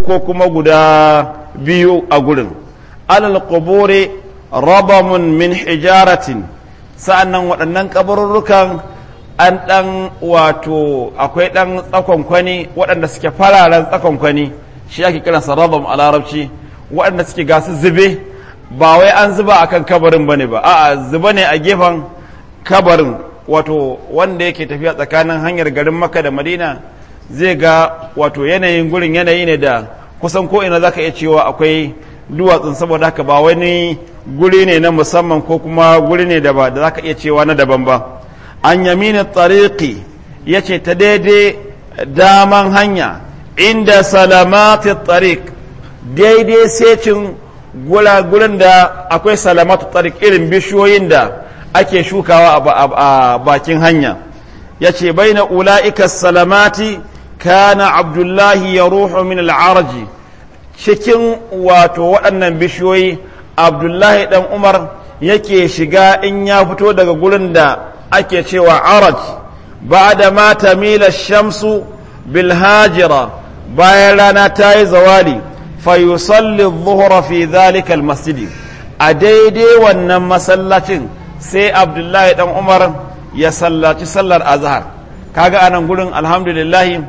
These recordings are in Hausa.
ko kuma guda biyu a gurin alal quburi rabamun min hijaratin sa'annan waɗannan kabarurrukan an ɗan wato akwai ɗan tsakonkwani waɗanda suke fararen tsakonkwani shi ake kiransa rabam a larabci waɗanda suke gasu zube ba wai an zuba a kan kabarin ba ne ba a'a zuba ne a gefen kabarin wato wanda yake tafiya tsakanin hanyar garin maka da madina zai ga wato yanayin gurin yanayi ne da kusan ko'ina za ka iya cewa akwai duwatsun saboda haka ba wani guri ne na musamman ko kuma guri ne da ba da za ka iya cewa na daban ba an yamina tsariki ya ce ta daidai daman hanya inda salamatu tsarik daidai secin gulin da akwai salamatu tsarik irin bishiyoyin da ake shukawa a bakin hanya ya ce bai na ula'ika salamati kana abdullahi ya ruhu min al'arji cikin wato waɗannan bishiyoyi abdullahi ɗan umar yake shiga in ya fito daga gurin da ake cewa araj ba da mata mila shamsu bilhajira bayan rana ta yi zawali fayusalli zuhura fi zalika masjidi a daidai wannan masallacin sai abdullahi ɗan umar ya sallaci sallar azhar kaga anan gurin alhamdulillahi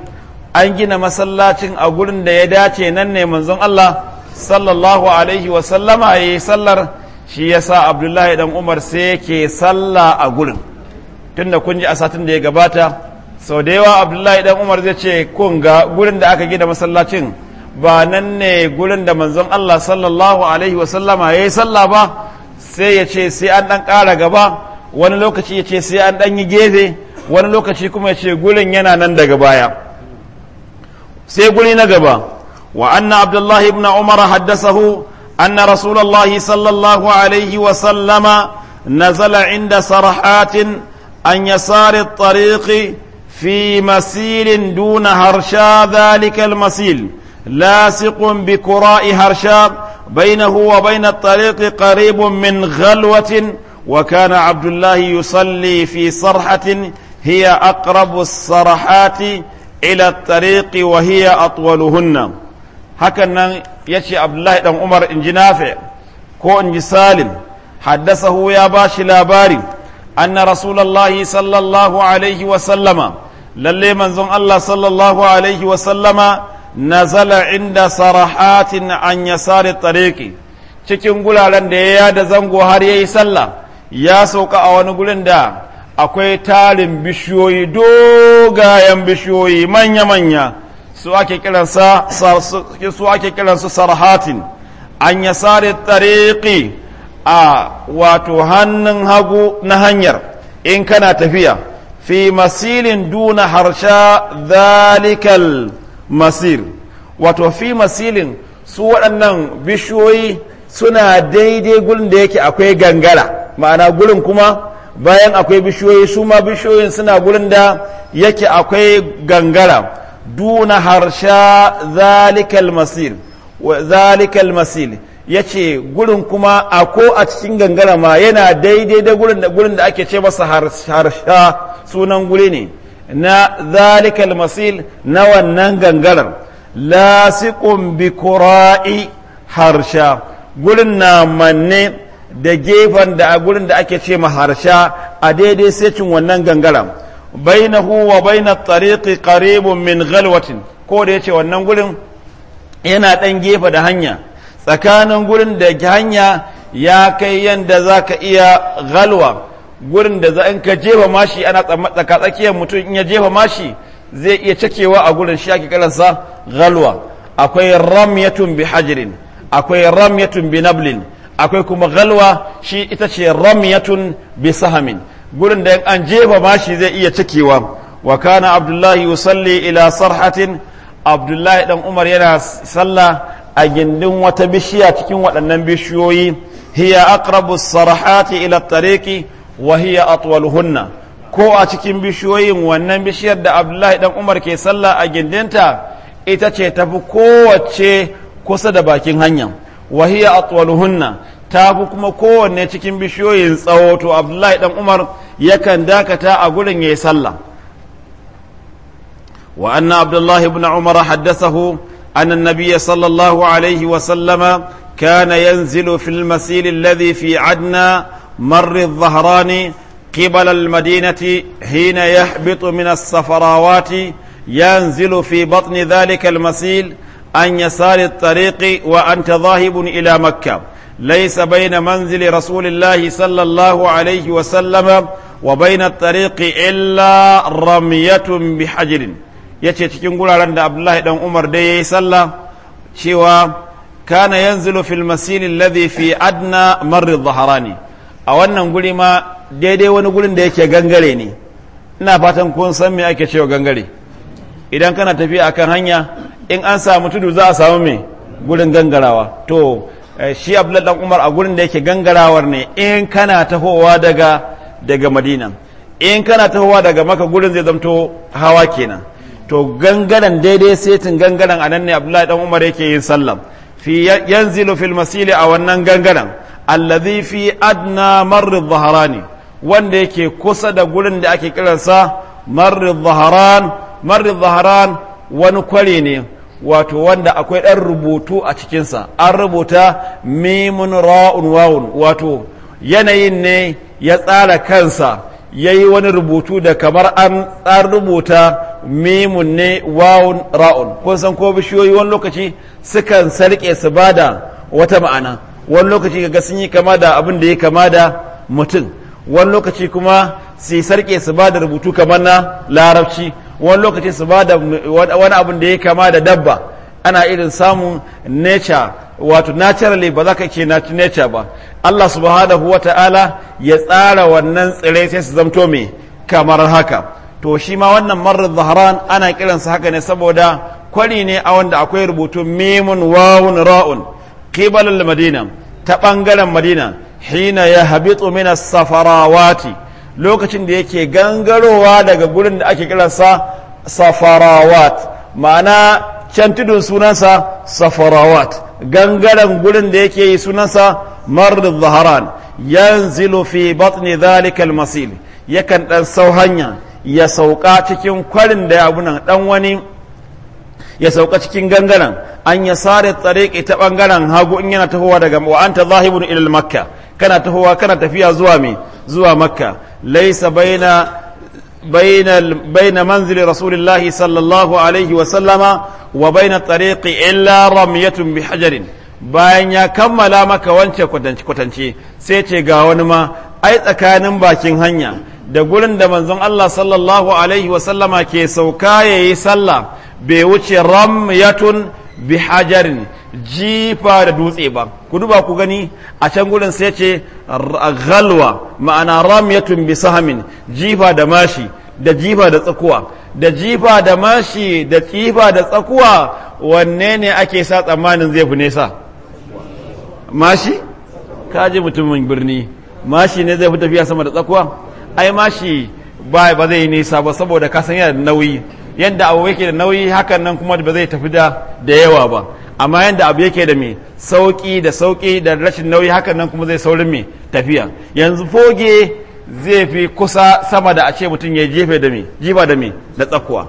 an gina masallacin a gurin da ya dace nan ne manzon Allah sallallahu alaihi wa sallama yi sallar shi ya sa Abdullahi dan Umar sai yake salla a gurin tunda kun ji a satin da ya gabata sau da yawa Abdullahi dan Umar zai ce kun ga gurin da aka gina masallacin ba nan ne gurin da manzon Allah sallallahu alaihi wa sallama yi salla ba sai ya ce sai an dan kara gaba wani lokaci ya ce sai an dan yi gefe wani lokaci kuma ya ce gurin yana nan daga baya سيقول نقبا وأن عبد الله بن عمر حدثه أن رسول الله صلى الله عليه وسلم نزل عند صرحات عن يسار الطريق في مسيل دون هرشا ذلك المسيل لاصق بكراء هرشا بينه وبين الطريق قريب من غلوة وكان عبد الله يصلي في صرحة هي أقرب الصرحات ila tariqi wa hiya atwaluhunna hakan nan yace abdullahi dan umar in ji nafi ko inji salim haddasahu ya bashi labari anna rasulullahi sallallahu alaihi wa sallama lalle manzon Allah sallallahu alaihi wa sallama nazala inda sarahatin an yasari tariqi cikin guraren da ya yada zango har yayi sallah ya sauka a wani gurin da akwai tarin bishiyoyi dogayen bishiyoyi manya-manya su ake su kiransu sarhatin an yi sare tariki a wato hannun hagu na hanyar in kana tafiya fi masilin duna harsha zalikal masir wato fi masilin su waɗannan bishiyoyi suna daidai gurin da yake akwai gangara ma'ana gurin kuma bayan akwai bishiyoyi su ma bishiyoyin suna gurin da yake akwai gangara duna harsha zalikal masir zalikal masir ya gurin kuma a ko a cikin gangara ma yana daidai da gurin da gurin da ake ce masa harsha sunan guri ne na zalikal masil na wannan gangarar lasiqum bi harsha gurin na manne da gefen da a gurin da ake ce harsha a daidai secin wannan gangaren Baina huwa baina tariqi qaribun min ghalwatin ko da yace wannan gurin yana ɗan gefe da hanya tsakanin gurin da hanya ya kai yanda zaka iya galwa gurin da za in ka jefa mashi ana tsaka tsakiyar mutum in ya jefa mashi zai iya cakewa a gurin shi ake karansa galwa akwai ramyatun bi hajirin akwai ramyatun bi nablin akwai kuma galwa shi ita ce ramyatun bi sahamin gurin da an jefa bashi zai iya cikewa wa kana abdullahi yusalli ila sarhatin abdullahi dan umar yana sallah a gindin wata bishiya cikin waɗannan bishiyoyi hiya aqrabu sarhati ila tariqi wa hiya hunna ko a cikin bishiyoyin wannan bishiyar da abdullahi dan umar ke sallah a gindinta ita ce tafi kowace kusa da bakin hanya wa hiya atwaluhunna ta fi kuma kowanne cikin bishiyoyin tsawo to abdullahi dan umar yakan dakata a gurin yayi sallah wa anna abdullahi ibn umar haddathahu anna an-nabiy sallallahu alaihi wa sallama kana yanzilu fil masil alladhi fi adna مر الظهران قبل المدينة حين يهبط من الصفراوات ينزل في بطن ذلك masil عن يسار الطريق وأنت ذاهب ila makka ليس بين manzili رسول الله صلى الله عليه وسلم وبين الطريق إلا رمية بحجر yace cikin guraren da Abdullahi dan Umar dai yayi sallah cewa kana yanzilu fil masini alladhi fi adna marri dhahrani a wannan guri ma daidai wani gurin da yake gangare ne ina fatan kun san me ake cewa gangare idan kana tafiya akan hanya in an samu tudu za a samu mai gurin gangarawa to eh, shi abdullahi dan umar a gurin da yake gangarawar ne in kana tahowa daga daga madina in kana tahowa daga maka gurin zai zamto hawa kenan to gangaren daidai setin gangaren a nan ne abdullahi dan umar yake yin sallam fi yanzilu fil masili a wannan gangaren allazi fi adna marr dhahrani wanda yake kusa da gurin da ake kiransa marr dhahran wani kware ne wato wanda akwai ɗan rubutu a cikinsa an rubuta mimun ra'un wawun wato yanayin ne ya tsara kansa ya yi wani rubutu da kamar an tsar rubuta mimun ne wawun ra'un kun san ko bishiyoyi wani lokaci sukan sarƙe su ba da wata ma'ana wani lokaci ga sun yi kama da abin da ya kama da mutum wani lokaci kuma su sarƙe su ba da rubutu kamar na larabci wani lokaci su ba da wani abin da ya kama da dabba ana irin samun nature wato naturally ba za ka ke nature ba Allah subhanahu wa ta'ala ya tsara wannan tsire sai su zamto mai kamar haka to shi ma wannan marar zaharan ana kiransa haka ne saboda kwari ne a wanda akwai rubutu mimun wawun ra'un qibalul madina ta bangaren madina hina ya habitu min as-safarawati lokacin da yake gangarowa daga gurin da ake kiransa safarawat ma'ana can tudun sunansa safarawat gangaren gurin da yake yi sunansa marar zaharan yanzilu fi batni zalikal masil yakan dan sau hanya ya sauka cikin kwarin da ya abunan dan wani ya sauka cikin gangaren an ya sare tsareki ta bangaren hagu in yana tahowa daga wa'anta zahibun ilal makka kana tahowa kana tafiya zuwa mai zuwa makka laisa baina baina manzili rasulillahi sallallahu alaihi wa sallama wa baina tariqi illa ramyatun bi bayan ya kammala maka wancan kwatance sai ce ga wani ma ai tsakanin bakin hanya da gurin da manzon Allah sallallahu alaihi wa sallama ke sauka yayi sallah bai wuce ramyatun bihajarin. jifa da dutse ba ku duba ku gani a can gudun sai ce galwa ma'ana ya tumbi sahamin jifa da mashi da jifa da tsakuwa da jifa da mashi da jifa da tsakuwa wanne ne ake sa tsammanin zai fi nesa mashi kaji mutumin birni mashi ne zai fi tafiya sama da tsakuwa ai mashi ba zai yi nisa ba saboda kasan yana da nauyi yadda abu yake da nauyi hakan nan kuma ba zai tafi da da yawa ba amma yadda abu yake da mai sauki da sauki da rashin nauyi hakan nan kuma zai saurin mai tafiya yanzu foge zai fi kusa sama da a ce mutum ya jefe da mai jifa da mai da tsakuwa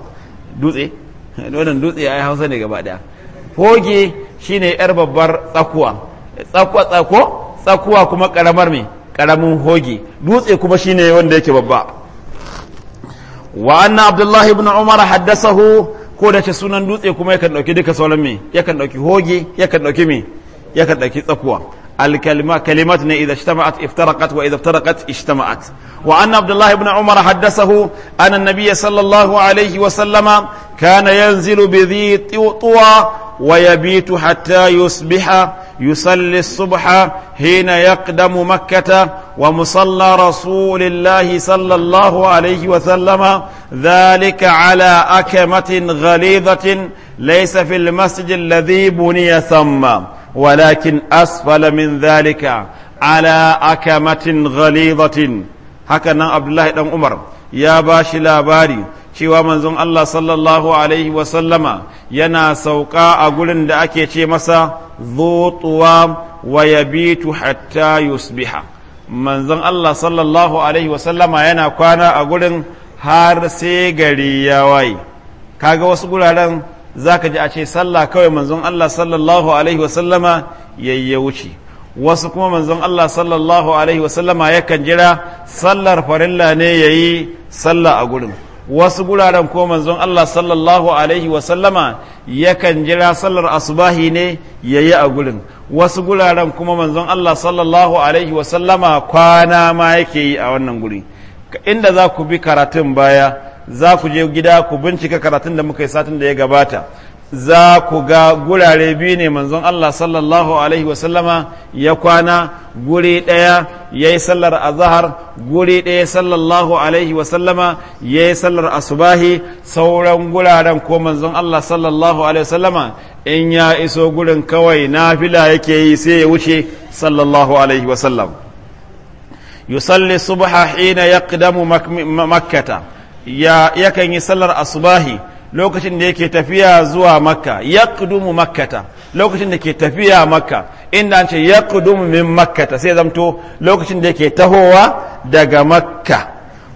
dutse wannan dutse yi hausa ne gaba daya foge shine yar babbar tsakuwa tsakuwa tsako tsakuwa kuma karamar mai karamin hoge dutse kuma shine wanda yake babba wa anna abdullahi ibn umar haddasahu ko da sunan dutse kuma yakan dauki duka sauran me yakan dauki hoge yakan dauki yakan dauki tsakuwa الكلمة كلمتنا إذا اجتمعت افترقت وإذا افترقت اجتمعت وأن عبد الله بن عمر حدثه أن النبي صلى الله عليه وسلم كان ينزل بذي طوى ويبيت حتى يصبح يصلي الصبح حين يقدم مكة ومصلى رسول الله صلى الله عليه وسلم ذلك على أكمة غليظة ليس في المسجد الذي بني ثم walakin asfala min zalika ala akamatin ghalizatin haka nan abdullahi dan umar ya ba shi labari cewa manzon Allah sallallahu alaihi wasallama yana sauka a gurin da ake ce masa zutuwa wa yabitu hatta yusbiha manzon Allah sallallahu alaihi wasallama yana kwana a gurin har sai gari ya waye kaga wasu guraren za ka ji a ce sallah kawai manzon Allah sallallahu alaihi wasallama ya yi wuce wasu kuma manzon Allah sallallahu alaihi wasallama yakan jira sallar farilla ne ya yi sallah a gurin wasu guraren kuma manzon Allah sallallahu alaihi wasallama yakan jira sallar asubahi ne ya yi a gurin wasu guraren kuma manzon Allah sallallahu alaihi wasallama kwana ma yake yi a wannan guri inda za ku bi karatun baya za ku je gida ku bincika karatun da muka yi satin da ya gabata za ku ga gurare biyu ne manzon Allah sallallahu alaihi wasallama ya kwana guri ɗaya ya yi sallar azahar guri ɗaya sallallahu alaihi wasallama ya yi sallar asubahi sauran guraren ko manzon Allah sallallahu alaihi wasallama in ya iso gurin kawai nafila yake yi sai ya wuce sallallahu alaihi wasallam yusalli subha hina yaqdamu makkata ya yakan yi sallar asubahi lokacin da yake tafiya zuwa makka yaqdumu makkata lokacin da ke tafiya makka inda an ce yaqdumu min makkata sai zamto lokacin da yake tahowa daga makka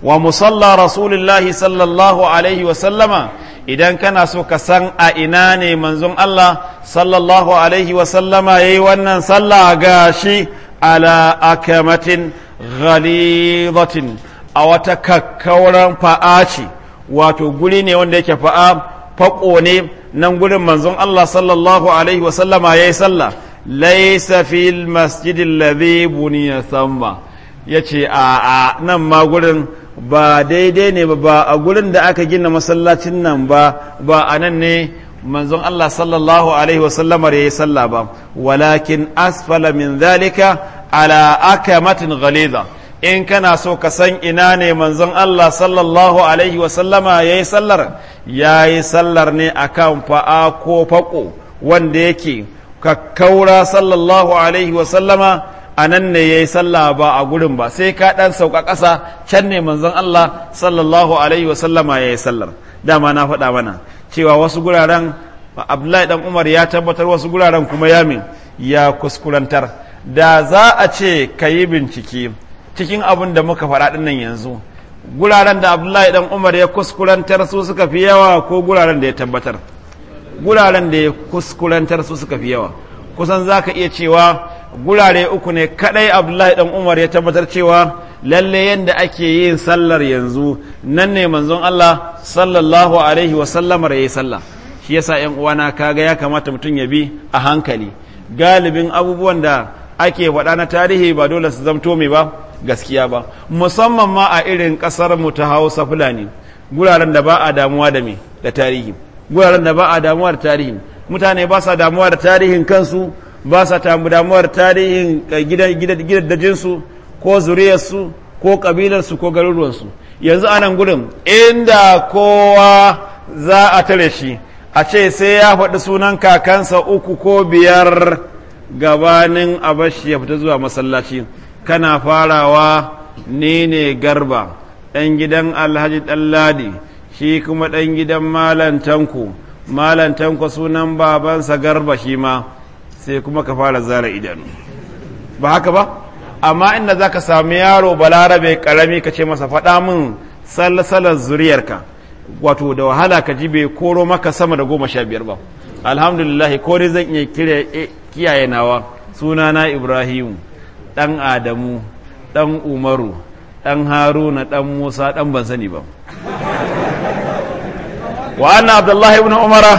wa musalla rasulillahi sallallahu alaihi wa sallama idan kana so ka san a ina ne manzon Allah sallallahu alaihi wa sallama yayi wannan sallah gashi ala akamatin ghalidatin a wata kakkauran fa'a ce wato guri ne wanda yake fa'a faƙo ne nan gurin manzon Allah sallallahu alaihi wasallama ya yi sallah laisa fil masjidin ladhi buniya samba. ya ce a nan ma gurin ba daidai ne ba a gurin da aka gina masallacin nan ba ba a nan ne manzon Allah sallallahu alaihi wasallamar ya yi sallah ba walakin asfala min zalika ala akamatin ghaliza in kana so ka san ina ne manzon Allah sallallahu alaihi wasallama ya yi sallar ya yi sallar ne akan fa'a ko faƙo wanda yake kakkaura sallallahu alaihi wasallama a nan ne ya yi sallah ba a gurin ba sai ka ɗan sauka ƙasa can ne manzon Allah sallallahu alaihi wasallama ya yi sallar dama na faɗa mana cewa wasu guraren Abdullahi dan Umar ya tabbatar wasu guraren kuma yamin ya kuskurantar da za a ce ka yi bincike cikin abin da muka faɗa nan yanzu guraren da abdullahi dan umar ya kuskurantar su suka fi yawa ko guraren da ya tabbatar guraren da ya kuskurantar su suka fi yawa kusan za ka iya cewa gurare uku ne kadai abdullahi ɗan umar ya tabbatar cewa lalle yadda ake yin sallar yanzu nan ne manzon allah sallallahu alaihi wasallamar ya yi sallah shi yasa yan uwana kaga ya kamata mutum ya bi a hankali galibin abubuwan da ake faɗa na tarihi ba dole su zamto mai ba gaskiya ba musamman ma a irin kasar mu ta hausa fulani guraren da ba a damuwa da me da tarihi guraren da ba a damuwa da tarihi mutane ba sa damuwa da tarihin kansu ba sa damuwa da tarihin eh, gidajensu ko zuriyarsu ko kabilarsu ko garuruwansu yanzu a nan gudun inda kowa za a tare shi a ce sai ya faɗi sunan kakansa uku ko biyar gabanin abashi ya fita zuwa masallaci kana farawa ni ne garba ɗan gidan alhaji ɗanladi shi kuma ɗan gidan malantanku malantanku sunan babansa garba shi ma sai kuma ka fara zara idanu ba haka ba amma inda za ka sami yaro balarabe karami ka ce masa faɗa min salsalar zuriyarka wato da wahala ka ji bai koro maka sama da goma sha biyar ba alhamdulillah ko zan iya eh, kiyaye nawa sunana ibrahimu ɗan Adamu, ɗan Umaru, ɗan Haruna, ɗan Musa, ɗan ban sani ba. Wa'ana anna Abdullahi ibn Umara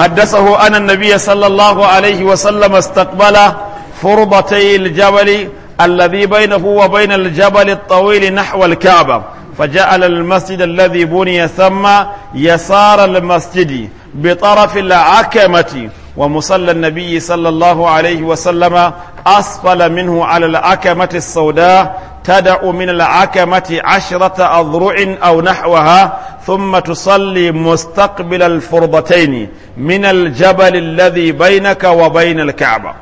haddasahu ana nabiya sallallahu alaihi wa sallam astaqbala furbatai aljabal alladhi bainahu wa bain aljabal at-tawil nahwa al ya فجعل المسجد الذي بني ثم يسار المسجد بطرف العكمه ومصلى النبي صلى الله عليه وسلم أسفل منه على العكمة السوداء تدع من العكمة عشرة أضرع أو نحوها ثم تصلي مستقبل الفرضتين من الجبل الذي بينك وبين الكعبة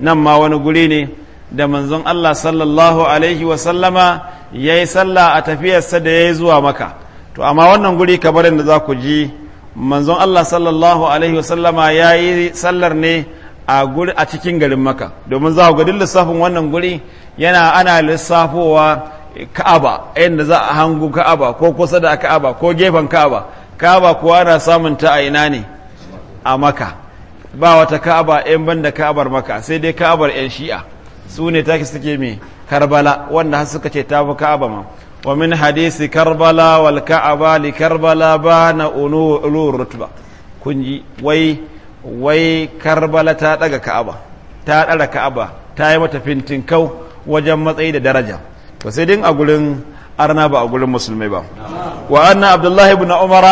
نما ونقوليني da manzon Allah sallallahu alaihi wasallama ya yi sallah a tafiyarsa da ya yi zuwa maka to amma wannan guri kamar yadda za ku ji manzon Allah sallallahu alaihi wasallama ya yi sallar ne a cikin garin maka domin za ku ga lissafin wannan guri yana ana lissafowa ka'aba inda za a hangu ka'aba ko kusa da ka'aba ko gefen ka'aba ka'aba kuwa ana samun ta a ina ne a maka ba wata ka'aba yan banda ka'abar maka sai dai ka'abar yan shi'a su ne take suke mai karbala wanda har suka ce ta fi ka'aba ma ومن حديث كربلاء والكعبة لكربلاء بان أولو الرتبة كنجي وي وي كربلاء تاتلقى كعبة تاتلقى كعبة تايمة فنتين كو وجمت أيد درجة فسيدين أقولن أرنا بأقولن مسلمي با وأن عبد الله بن عمر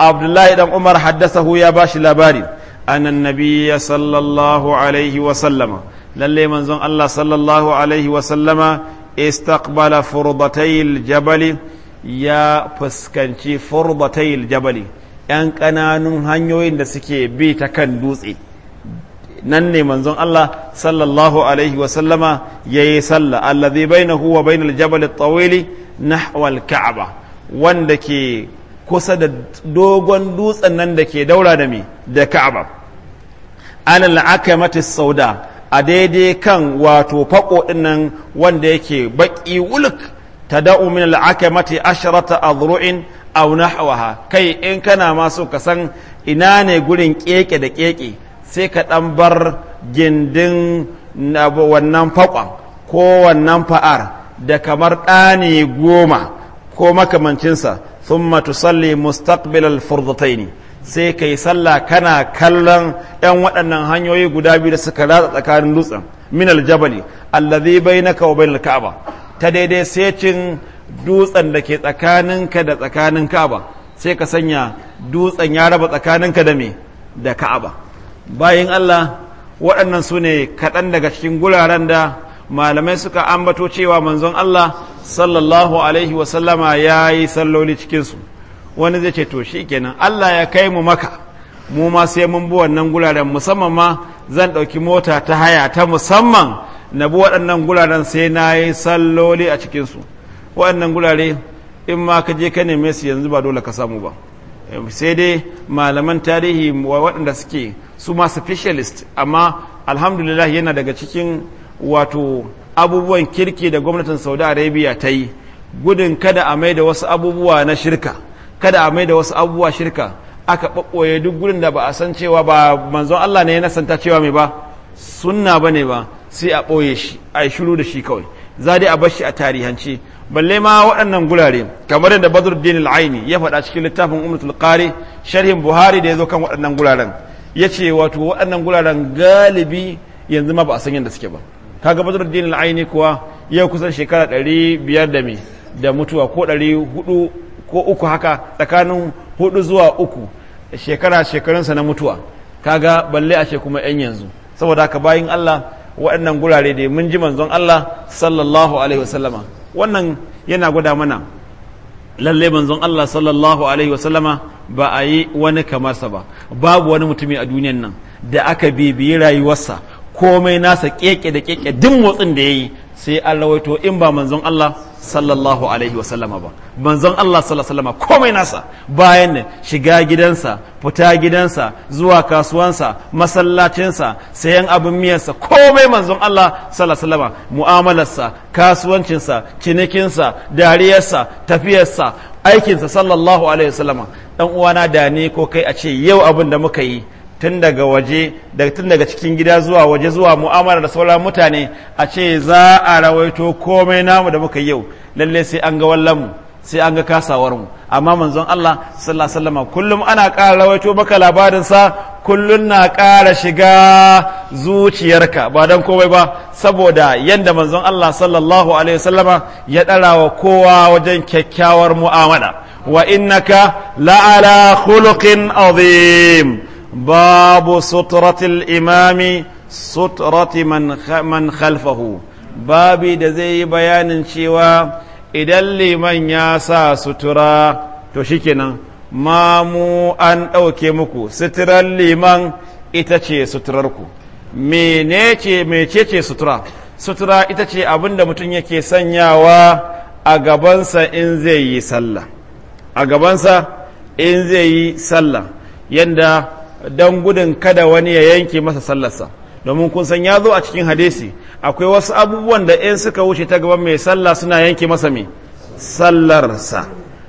عبد الله بن عمر حدثه يا باش لاباري أن النبي صلى الله عليه وسلم للي منزون الله صلى الله عليه وسلم istaqbala furbatayil jabali ya fuskanci furbatayil jabali ‘yan ƙananun hanyoyin da suke bi ta kan dutse nan ne manzon Allah sallallahu alaihi wa sallama yayi sallah allazi bainahu wa bainal jabal tawili nahwal kaba wanda ke kusa da dogon dutsen nan da ke daura da me da ka'aba alal akamati sauda a daidai kan wato fako dinnan wanda yake baki wuluk tada'u min al'akamati asharata azru'in aw nahwaha kai in kana ma so ka san ina ne gurin keke da keke sai ka dan bar gindin wannan fakon ko wannan fa'ar da kamar ɗani goma ko makamancinsa thumma tusalli mustaqbilal furdataini sai ka yi sallah kana kallon 'yan waɗannan hanyoyi guda biyu da suka ratsa tsakanin dutsen min aljabali allazi na kawo bai ka'aba ta daidai sai cin dutsen da ke tsakaninka da tsakanin ka'aba sai ka sanya dutsen ya raba tsakaninka da me da ka'aba bayan Allah waɗannan su ne kaɗan daga cikin guraren da malamai suka ambato cewa manzon Allah sallallahu alaihi wasallama ya yi salloli cikinsu wani zai ce to shi kenan Allah ya kai mu maka mu ma sai mun bi wannan guraren musamman ma zan ɗauki mota ta haya ta musamman na bi waɗannan guraren sai na yi salloli a cikinsu waɗannan gurare in ma ka je ka neme su yanzu ba dole ka samu ba eh, sai dai malaman tarihi waɗanda suke su ma specialist amma alhamdulillah yana daga cikin wato abubuwan kirki da gwamnatin saudi arabia ta yi gudun kada a mai da wasu abubuwa na shirka kada a mai da wasu abubuwa shirka aka ɓaɓɓoye duk gurin da ba a san cewa ba manzon Allah ne ya nasanta cewa mai ba sunna ba ne ba sai a ɓoye shi a yi shiru da shi kawai za dai a bar shi a tarihance balle ma waɗannan gurare kamar yadda da al-aini ya faɗa cikin littafin umar tulkari sharhin buhari da ya zo kan waɗannan guraren ya ce wato waɗannan guraren galibi yanzu ma ba a san yadda suke ba kaga badruddin al-aini kuwa yau kusan shekara ɗari biyar da da mutuwa ko ɗari hudu ko uku haka tsakanin hudu zuwa uku shekara shekarunsa na mutuwa kaga balle ashe kuma yan yanzu saboda haka bayan Allah waɗannan gurare da mun ji manzon Allah sallallahu alaihi wasallama wannan yana gwada mana lalle manzon Allah sallallahu alaihi wasallama ba a yi wani kamarsa ba babu wani mutumi a duniyan nan da aka bibiyi rayuwarsa komai nasa keke da keke duk motsin da ya yi sai an rawaito in ba manzon Allah sallallahu alaihi wasallama ba manzon Allah sallallahu alaihi wasallama komai nasa bayan ne shiga gidansa fita gidansa zuwa kasuwansa masallacinsa sayan abin miyarsa komai manzon Allah sallallahu alaihi wasallama mu'amalarsa kasuwancinsa cinikinsa dariyarsa tafiyarsa aikinsa sallallahu alaihi wasallama dan uwana da ni ko kai a ce yau abin da muka yi tun daga waje tun daga cikin gida zuwa waje zuwa mu'amala da sauran mutane a ce za a rawaito komai namu da muka yau lalle sai an ga wallanmu sai an ga kasawarmu amma manzon Allah sallallahu alaihi wasallam kullum ana ƙara rawaito maka labarin sa kullum na ƙara shiga zuciyarka ba dan komai ba saboda yanda manzon Allah sallallahu alaihi wasallama ya wa kowa wajen kyakkyawar mu'amala wa innaka la'ala khuluqin azim babu سترة imami سترة من, من خلفه babi da zai yi bayanin cewa idan liman ya sa sutura to shikenan mamu an ɗauke muku suturar liman ita ce suturarku mene ce ce sutura sutura ita ce abin mutum yake sanyawa a gabansa in zai yi sallah yanda don gudun kada wani ya yanke masa sallarsa domin kun san ya zo a cikin hadisi akwai wasu abubuwan da in suka wuce ta gaban mai sallah suna yanke masa mai sallarsa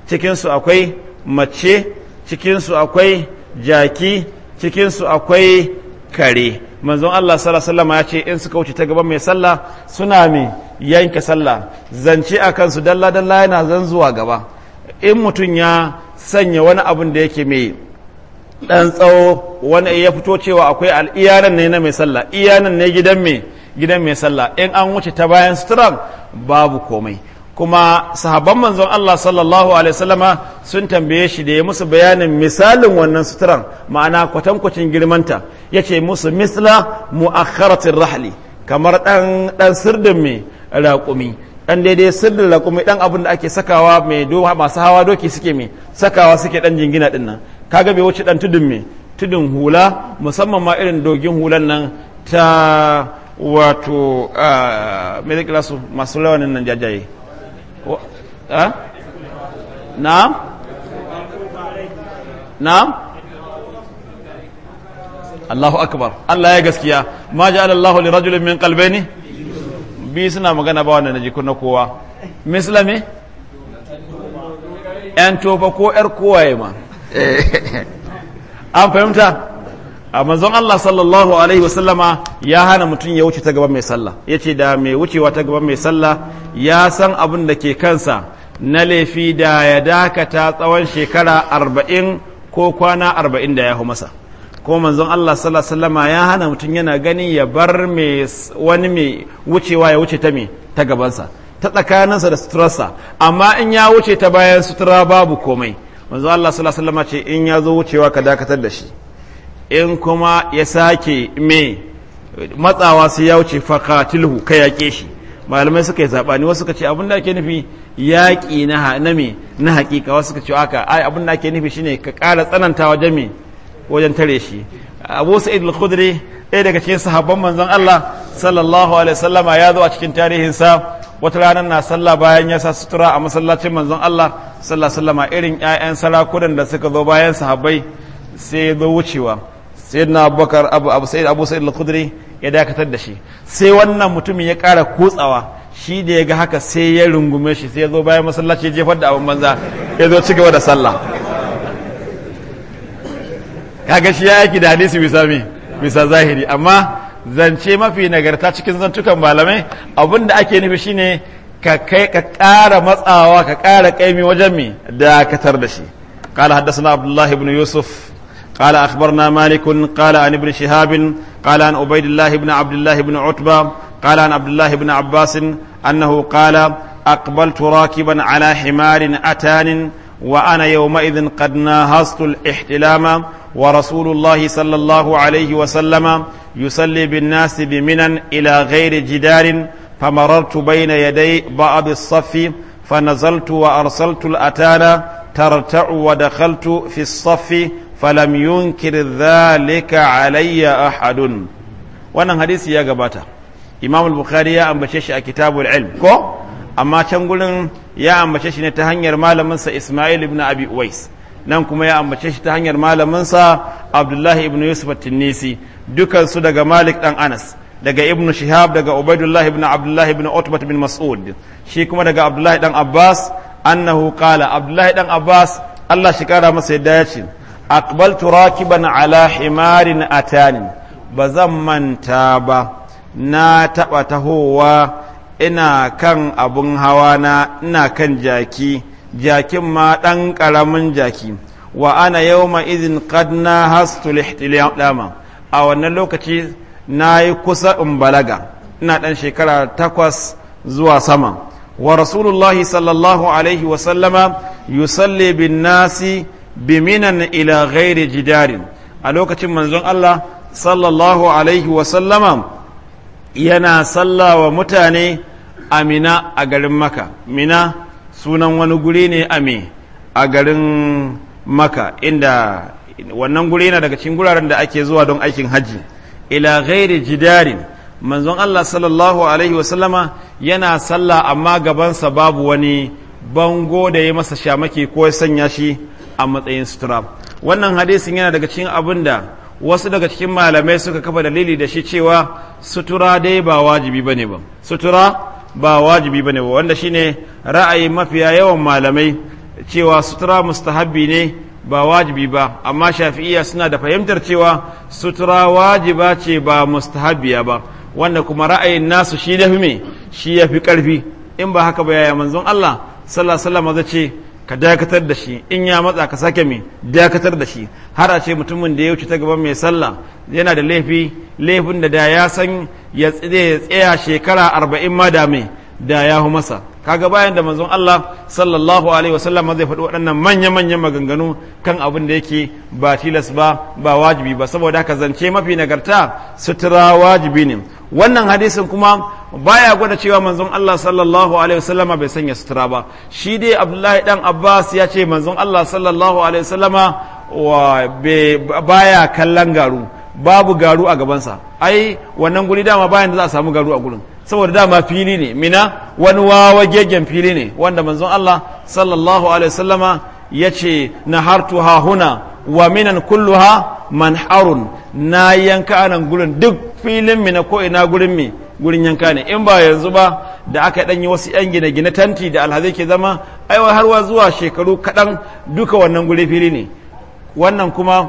cikinsu akwai mace cikinsu akwai jaki cikinsu akwai kare manzon Allah sallallahu ya ce in suka wuce ta gaban mai sallah suna mai yanke sallah zance a kansu dalla dalla yana zanzuwa gaba in mutum ya sanya wani abun da yake mai ɗan tsawo wani ya fito cewa akwai al'iyanan ne na mai sallah iyanan ne gidan mai gidan mai sallah in an wuce ta bayan suturan babu komai kuma sahabban manzon Allah sallallahu alaihi wasallama sun tambaye shi da ya musu bayanin misalin wannan suturan ma'ana kwatankwacin girmanta ya ce musu misla mu'akharatin rahli kamar ɗan ɗan sirdin mai raƙumi dan daidai sirrin raƙumi dan abin da ake sakawa mai masu hawa doki suke mai sakawa suke ɗan jingina dinnan kaga bai wuce dan tudun me tudun hula musamman ma irin dogin hulan nan ta wato me zai kira su masu lawanin nan jajaye na na Allahu akbar Allah ya gaskiya ma ja'ala Allahu li rajulin min qalbayni bi suna magana ba wannan naji na kowa mislame yan tofa ko yar kowaye ma Eh, an fahimta a manzon Allah sallallahu alaihi wasallama ya hana mutum ya wuce ta gaban mai sallah ya ce da mai wucewa ta gaban mai sallah ya san abin da ke kansa na laifi da ya dakata tsawon shekara arba'in ko kwana arba'in da ya hau masa ko manzon Allah sallallahu alaihi wasallama ya hana mutum yana gani ya bar wani mai wucewa ya wuce ta mai ta gabansa ta tsakaninsa da suturarsa amma in ya wuce ta bayan sutura babu komai manzo Allah sallallahu alaihi wasallam ce in ya zo wucewa ka dakatar da shi in kuma ya sake me matsawa sai ya wuce faqatilhu ka yaƙe shi malamai suka yi zabani wasu suka ce abin da ake nufi yaƙi na na me na haƙiƙa wasu suka ce haka ai abin da ake nufi shine ka ƙara tsanantawa wajen wajen tare shi Abu Sa'id al-Khudri ɗaya daga cikin sahabban manzon Allah sallallahu alaihi wasallama ya zo a cikin tarihinsa wata ranar na sallah bayan ya sa sutura a masallacin manzon Allah sallallahu sallama irin ƴaƴan sarakunan da suka zo bayan sahabbai sai ya zo wucewa sayyidina Abubakar Abu Abu Sa'id Abu Sayyid al-Khudri ya dakatar da shi sai wannan mutumin ya ƙara kutsawa shi da ya ga haka sai ya rungume shi sai ya zo bayan masallaci ya jefar da abin banza ya zo ci gaba da sallah kaga shi ya aiki da hadisi bisa me bisa zahiri amma zance mafi nagarta cikin zantukan malamai abin da ake nufi shine ka kai ka ƙara matsawa ka ƙara ƙaimi wajen mi dakatar da shi قال حدثنا عبد الله بن يوسف قال أخبرنا مالك قال عن ابن شهاب قال عن عبيد الله بن عبد الله بن عتبة قال عن عبد الله بن عباس أنه قال أقبلت راكبا على حمار أتان وأنا يومئذ قد ناهزت الاحتلام ورسول الله صلى الله عليه وسلم يصلي بالناس بمنن إلى غير جدار فمررت بين يدي بعض الصف فنزلت وأرسلت الأتان ترتع ودخلت في الصف فلم ينكر ذلك علي أحد وانا حديث يا جباتا إمام البخاري أنبشش كتاب العلم كو amma can gurin ya ambace shi ne ta hanyar malaminsa Ismail ibn Abi Uwais nan kuma ya ambace shi ta hanyar malaminsa Abdullahi ibn Yusuf at-Tinnisi dukan daga Malik dan Anas daga Ibn Shihab daga Ubaidullah ibn Abdullah ibn Utbah bin Mas'ud shi kuma daga abdullahi dan Abbas annahu qala abdullahi dan Abbas Allah shi kara masa yadda ya ce aqbaltu rakiban ala himarin ba zan manta ba na taba tahowa ina kan abun hawa na ina kan jaki jakin ma ɗan karamin jaki wa ana yau ma izin kadna hastu lihtilama a wannan lokaci na yi kusa in balaga ina ɗan shekara takwas zuwa sama wa rasulullahi sallallahu alaihi wasallama yusalli bin nasi biminan ila gairi jidari a lokacin manzon Allah sallallahu alaihi wasallama yana sallawa mutane amina a garin maka mina sunan wani guri ne a a garin maka inda wannan guri yana daga cikin guraren da ake zuwa don aikin hajji ila ghairi jidarin manzon Allah sallallahu alaihi wasallama yana sallah amma gabansa babu wani bango da ya masa shamaki ko ya sanya shi a matsayin sutura wannan hadisin yana daga cikin abin da wasu daga cikin malamai suka kafa dalili da shi cewa sutura dai ba wajibi bane ba sutura ba wajibi bane ba wanda shine ra'ayi mafiya yawan malamai cewa sutura mustahabbi ne ba wajibi ba amma shafi'iyya suna da fahimtar cewa sutura wajiba ce ba mustahabbiya ba wanda kuma ra'ayin nasu shi da me shi ya fi ƙarfi in ba haka ba yaya manzon Allah sallallahu alaihi wasallam zace ce ka dakatar da shi in ya matsa ka sake mai dakatar da shi har a ce mutumin da ya wuce ta gaban mai sallah yana da laifi laifin da da ya san ya tsaya shekara arba'in ma da mai da ya hu masa kaga bayan da manzon Allah sallallahu alaihi wasallam zai faɗi waɗannan manya-manyan maganganu kan abin da yake ba tilas ba ba wajibi ba saboda haka zance mafi nagarta sutura wajibi ne wannan hadisin kuma baya gwada cewa manzon Allah sallallahu alaihi wasallama bai sanya sutura ba shi dai Abdullahi dan Abbas ya ce manzon Allah sallallahu alaihi wasallama baya kallon garu babu garu a gabansa ai wannan guri dama bayan da za a samu garu a gurin saboda dama fili ne mina wani wawa gegen fili ne wanda manzon Allah sallallahu alaihi wasallama ya ce na hartu ha huna wa minan kulluha manharun na yanka anan gurin duk filin mina ko ina gurin mi gurin yanka ne in ba yanzu ba da aka danyi wasu yan gine-gine tanti da alhazai ke zama aiwa har zuwa shekaru kaɗan duka wannan gure fili ne wannan kuma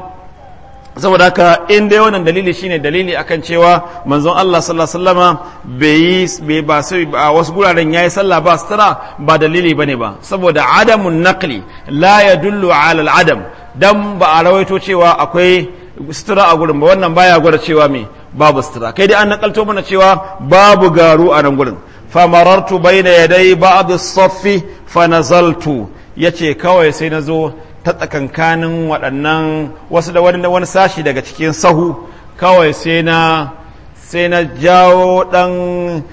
saboda haka in dai wannan dalili shine dalili akan cewa manzon Allah sallallahu alaihi wasallam bai ba sai a wasu guraren yayi sallah ba sutura ba dalili bane ba saboda adamun naqli la yadullu ala al-adam dan ba a rawaito cewa akwai sutura a gurin ba wannan baya gwada cewa me babu sutura kai dai an nakalto mana cewa babu garu a nan gurin famarartu bayna yaday ba'd as-saffi fa nazaltu yace kawai sai na zo. ta tsakankanin waɗannan wasu da wani sashi daga cikin sahu kawai sai na sai na jawo ɗan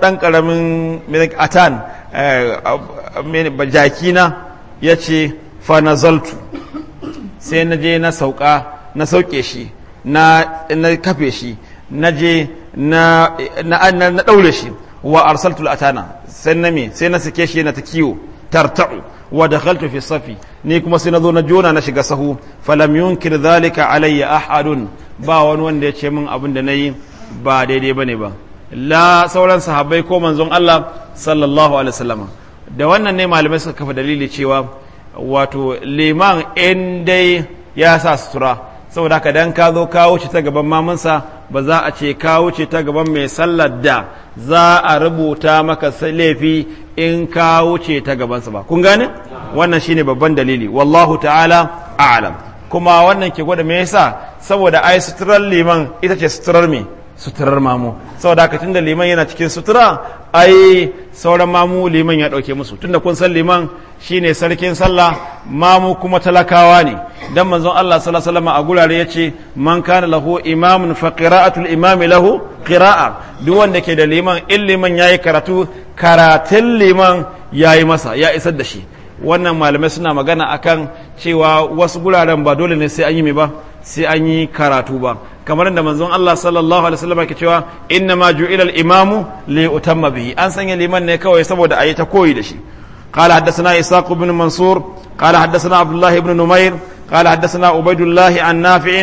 ɗan ƙaramin atan eh, jakina ya ce fanazaltu sai na je na sauka na sauke shi na kafe shi na je na ɗaure shi wa arsaltu atana sai na me sai na sake shi na ta kiwo tarta'u wa haltu fi safi ni kuma sai zo na jona na shiga sahu falam yunkir dhalika alayya ahadun ba wani wanda ya ce min abin da nayi ba daidai bane ba la sauran sahabbai ko manzon Allah sallallahu alaihi wasallam da wannan ne malamai suka kafa dalili cewa wato liman in dai ya sa sutura saboda haka dan ka zo ka wuce ta gaban mamansa ba za a ce ka wuce ta gaban mai sallar da za a rubuta maka laifi in ka wuce ta gabansa ba kun gane wannan shine babban dalili wallahu ta'ala a'lam kuma wannan ke gwada me yasa saboda ai suturar liman ita ce suturar me suturar mamu saboda haka tunda liman yana cikin sutura ai sauran mamu liman ya dauke musu tunda kun san liman shine sarkin sallah mamu kuma talakawa ne dan manzon Allah sallallahu alaihi wasallam a gurare yace man kana lahu imamun fa qira'atul imam lahu qira'a duk wanda ke da liman in liman yayi karatu karatun liman yayi masa ya isar da shi wannan malamai suna magana akan cewa wasu guraren ba dole ne sai an yi mai ba sai an yi karatu ba kamar da manzon Allah sallallahu alaihi wasallam ke cewa inna ma ju'ila al-imamu li utamma bihi an sanya liman ne kawai saboda ayi ta koyi da shi قال حدثنا إساق بن منصور قال حدثنا عبد الله بن نمير قال حدثنا عبيد الله عن نافع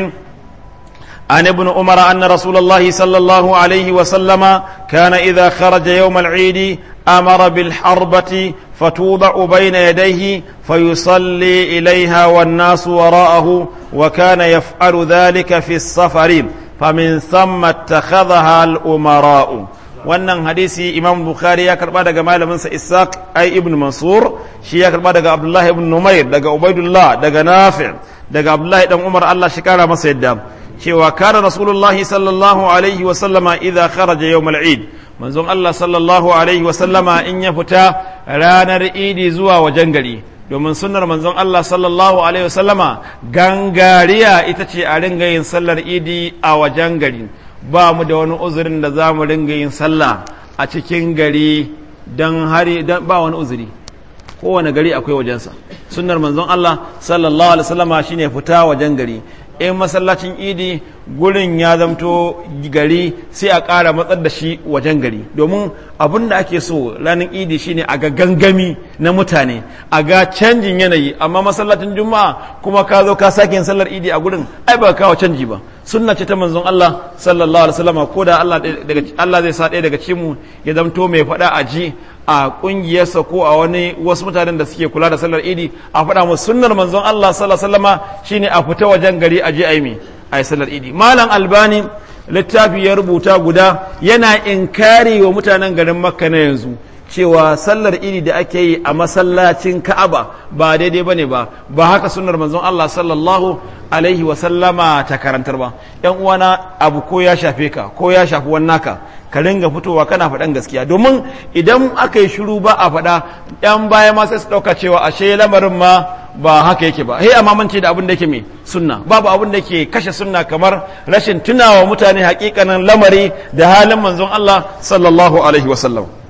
عن ابن عمر أن رسول الله صلى الله عليه وسلم كان إذا خرج يوم العيد أمر بالحربة فتوضع بين يديه فيصلي إليها والناس وراءه وكان يفعل ذلك في السفر فمن ثم اتخذها الأمراء wannan hadisi imam bukhari ya karba daga malaminsa isaac ai ibn mansur shi ya karba daga abdullahi ibn numair daga ubaidullah daga nafi daga abdullahi dan umar allah shi kara masa yadda cewa kana rasulullahi sallallahu alaihi wa sallama idza kharaja yawm al-eid manzon Allah sallallahu alaihi wasallama in ya fita ranar idi zuwa wajen gari domin sunnar manzon Allah sallallahu alaihi wasallama gangariya ita ce a ringa yin sallar idi a wajen gari ba mu da wani uzurin da za mu ringa yin sallah a cikin gari don hari ba wani uzuri kowane gari akwai wajensa sunnar manzon Allah sallallahu alaihi wasallama shine fita wajen gari in masallacin idi gurin ya zamto gari sai a ƙara matsar da shi wajen gari domin abin da ake so ranar idi shine a ga gangami na mutane a ga canjin yanayi amma masallacin juma'a kuma ka zo ka sake yin sallar idi a gurin ai ba kawo canji ba sunna ce ta manzon Allah sallallahu alaihi wasallam ko da Allah zai sa ɗaya daga cimu ya zamto mai faɗa a ji a ƙungiyarsa ko a wani wasu mutanen da suke kula da sallar idi a faɗa musu sunnar manzon Allah sallallahu alaihi wasallama shine a fita wajen gari a je aimi a yi sallar idi malam albani littafi ya rubuta guda yana inkari wa mutanen garin makka na yanzu cewa sallar idi da ake yi a masallacin ka'aba ba daidai bane ba ba haka sunnar manzon Allah sallallahu alaihi wasallama ta karantar ba yan uwana abu ko ya shafe ka ko ya shafi wannan ka. ka ringa fitowa kana faɗan gaskiya domin idan aka yi shiru ba a faɗa ɗan baya ma sai su ɗauka cewa ashe lamarin ma ba haka yake ba hei amma mance da abin da yake mai sunna babu abin da yake kashe sunna kamar rashin tunawa mutane hakikanin lamari da halin manzon Allah sallallahu alaihi wasallam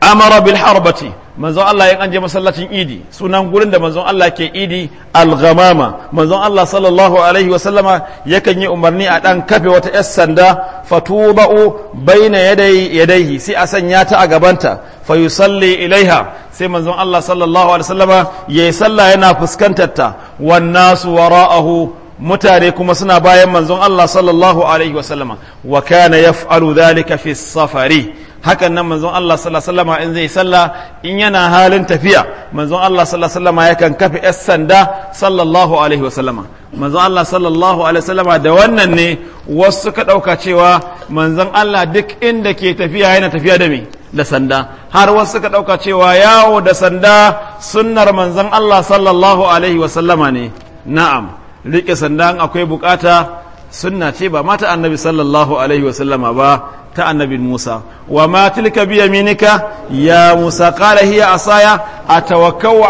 amara bil harbati manzon Allah in an je masallacin idi sunan gurin da manzon Allah ke idi al-ghamama manzon Allah sallallahu alaihi wa sallama yakan yi umarni a dan kafe wata yar sanda fatuba'u baina yadai yadaihi sai a sanya ta a gabanta fa ilaiha sai manzon Allah sallallahu alaihi wa sallama yayi sallah yana fuskantar ta wan nasu wara'ahu mutane kuma suna bayan manzon Allah sallallahu alaihi wa sallama wa kana yaf'alu dhalika fi safari hakan nan manzon Allah sallallahu alaihi wasallam in zai sallah in yana halin tafiya manzon Allah sallallahu alaihi wasallam yakan kafa yar sanda sallallahu alaihi wasallam manzon Allah sallallahu alaihi wasallam da wannan ne wasu suka dauka cewa manzon Allah duk inda ke tafiya yana tafiya da me da sanda har wasu suka dauka cewa yawo da sanda sunnar manzon Allah sallallahu alaihi wasallama ne na'am rike sanda akwai bukata sunna ce ba mata annabi sallallahu alaihi wasallama ba ta annabi Musa wa ma tilka bi yaminika ya Musa qala hiya asaya a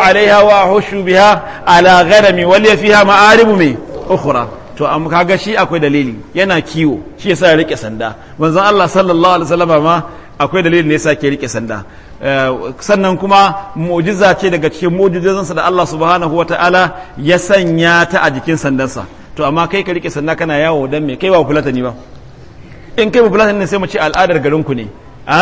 alaiha wa ahushu biha ala ya wal fiha ma'aribu mi ukhra to am kaga shi akwai dalili yana kiwo shi yasa ya rike sanda manzon Allah sallallahu alaihi wasallam ma akwai dalilin ne yasa ke rike sanda eh, sannan kuma mu'jiza ce daga cikin mu'jizansa da Allah subhanahu wataala ya sanya ta a jikin sandansa to amma kai ka rike sanda kana yawo dan me kai ba fulata ni ba in kai bafulatan ne sai mu ce al'adar garin ku ne a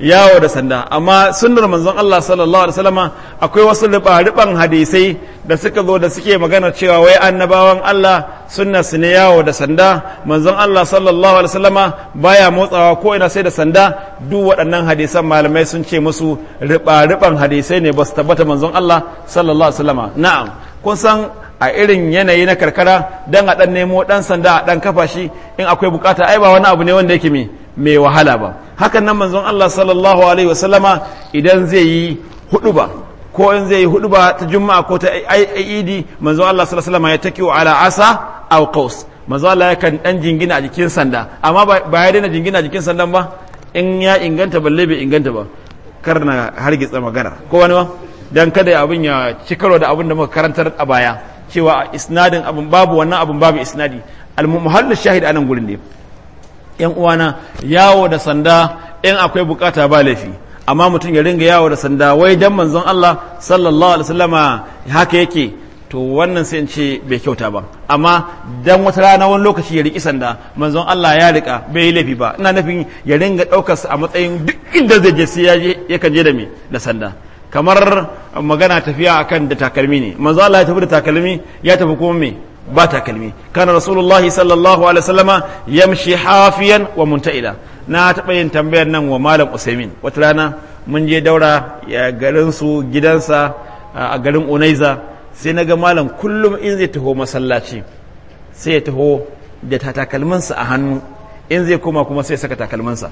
yawo da sanda amma sunnar manzon Allah sallallahu alaihi wasallama akwai wasu riban hadisai da suka zo da suke magana cewa wai annabawan Allah sunna su ne yawo da sanda manzon Allah sallallahu alaihi wasallama baya motsawa ko ina sai da sanda duk waɗannan hadisan malamai sun ce musu riba hadisai ne ba su tabbata manzon Allah sallallahu alaihi wasallama na'am kun san a irin yanayi na karkara dan a dan nemo dan sanda a dan kafa shi in akwai bukata ai ba wani abu ne wanda yake me mai wahala ba hakan nan manzon Allah sallallahu alaihi wasallama idan zai yi huduba ko in zai yi huduba ta juma'a ko ta idi manzon Allah sallallahu alaihi wasallama ya takiu ala asa aw qaus manzon Allah kan dan jingina a jikin sanda amma ba ya daina jingina a jikin sandan ba in ya inganta balle bai inganta ba kar na hargitsa magana ko wani ba dan kada abin ya ci karo da abin da muka karantar a baya cewa isnadin abin babu wannan abin babu isnadi al shahida shahid anan gurin ne yan uwana yawo da sanda in akwai bukata ba laifi amma mutum ya ringa yawo da sanda wai dan manzon Allah sallallahu alaihi wasallama haka yake to wannan sai in ce bai kyauta ba amma dan wata rana wani lokaci ya riki sanda manzon Allah ya rika bai yi laifi ba ina nufin ya ringa daukar a matsayin duk inda zai je sai ya kan je da me da sanda kamar magana tafiya akan da takalmi ne manzo Allah ya tafi da takalmi ya tafi kuma me ba takalmi kana rasulullahi sallallahu alaihi wasallama yamshi hafiyan wa muntaila na taɓa yin tambayar nan wa malam usaimin wata rana mun je daura garin su gidansa a garin unaiza sai na ga malam kullum in zai taho masallaci sai ya taho da takalminsa a hannu in zai koma kuma sai saka takalminsa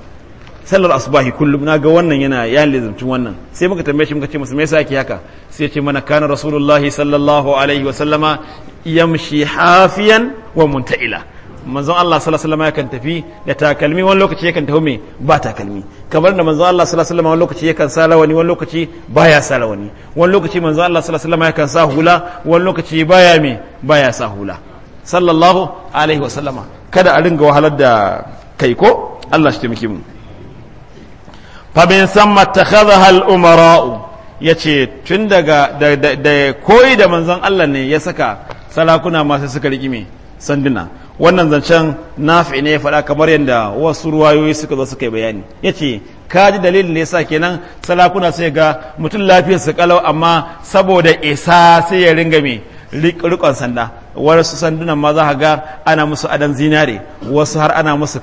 sallar asubahi kullum na ga wannan yana ya lizimci wannan sai muka tambaye shi muka ce musu me yasa yake haka sai ce mana kana rasulullahi sallallahu alaihi wa sallama yamshi hafiyan wa muntaila manzon Allah sallallahu alaihi yakan tafi da takalmi wani lokaci yakan tafi me ba takalmi kamar da manzon Allah sallallahu alaihi wani lokaci yakan sala wani wani lokaci baya sala wani wani lokaci manzon Allah sallallahu alaihi yakan sa hula wani lokaci baya me baya sa hula sallallahu alaihi wa sallama kada a ringa wahalar da kai ko Allah shi taimake mu famin samma ta hal umara'u ya ce tun daga da koyi da manzon Allah ne ya saka salakuna masu suka rikime sanduna wannan zancen nafi ne ya faɗa kamar yadda wasu ruwayoyi suka zo suka yi bayani ya ce ka ji dalilin da ya sa kenan salakuna sai ga mutum su kalau amma saboda isa sai ya ringa mai rikon sanda wasu sandunan ma za ga ana musu adan zinare wasu har ana musu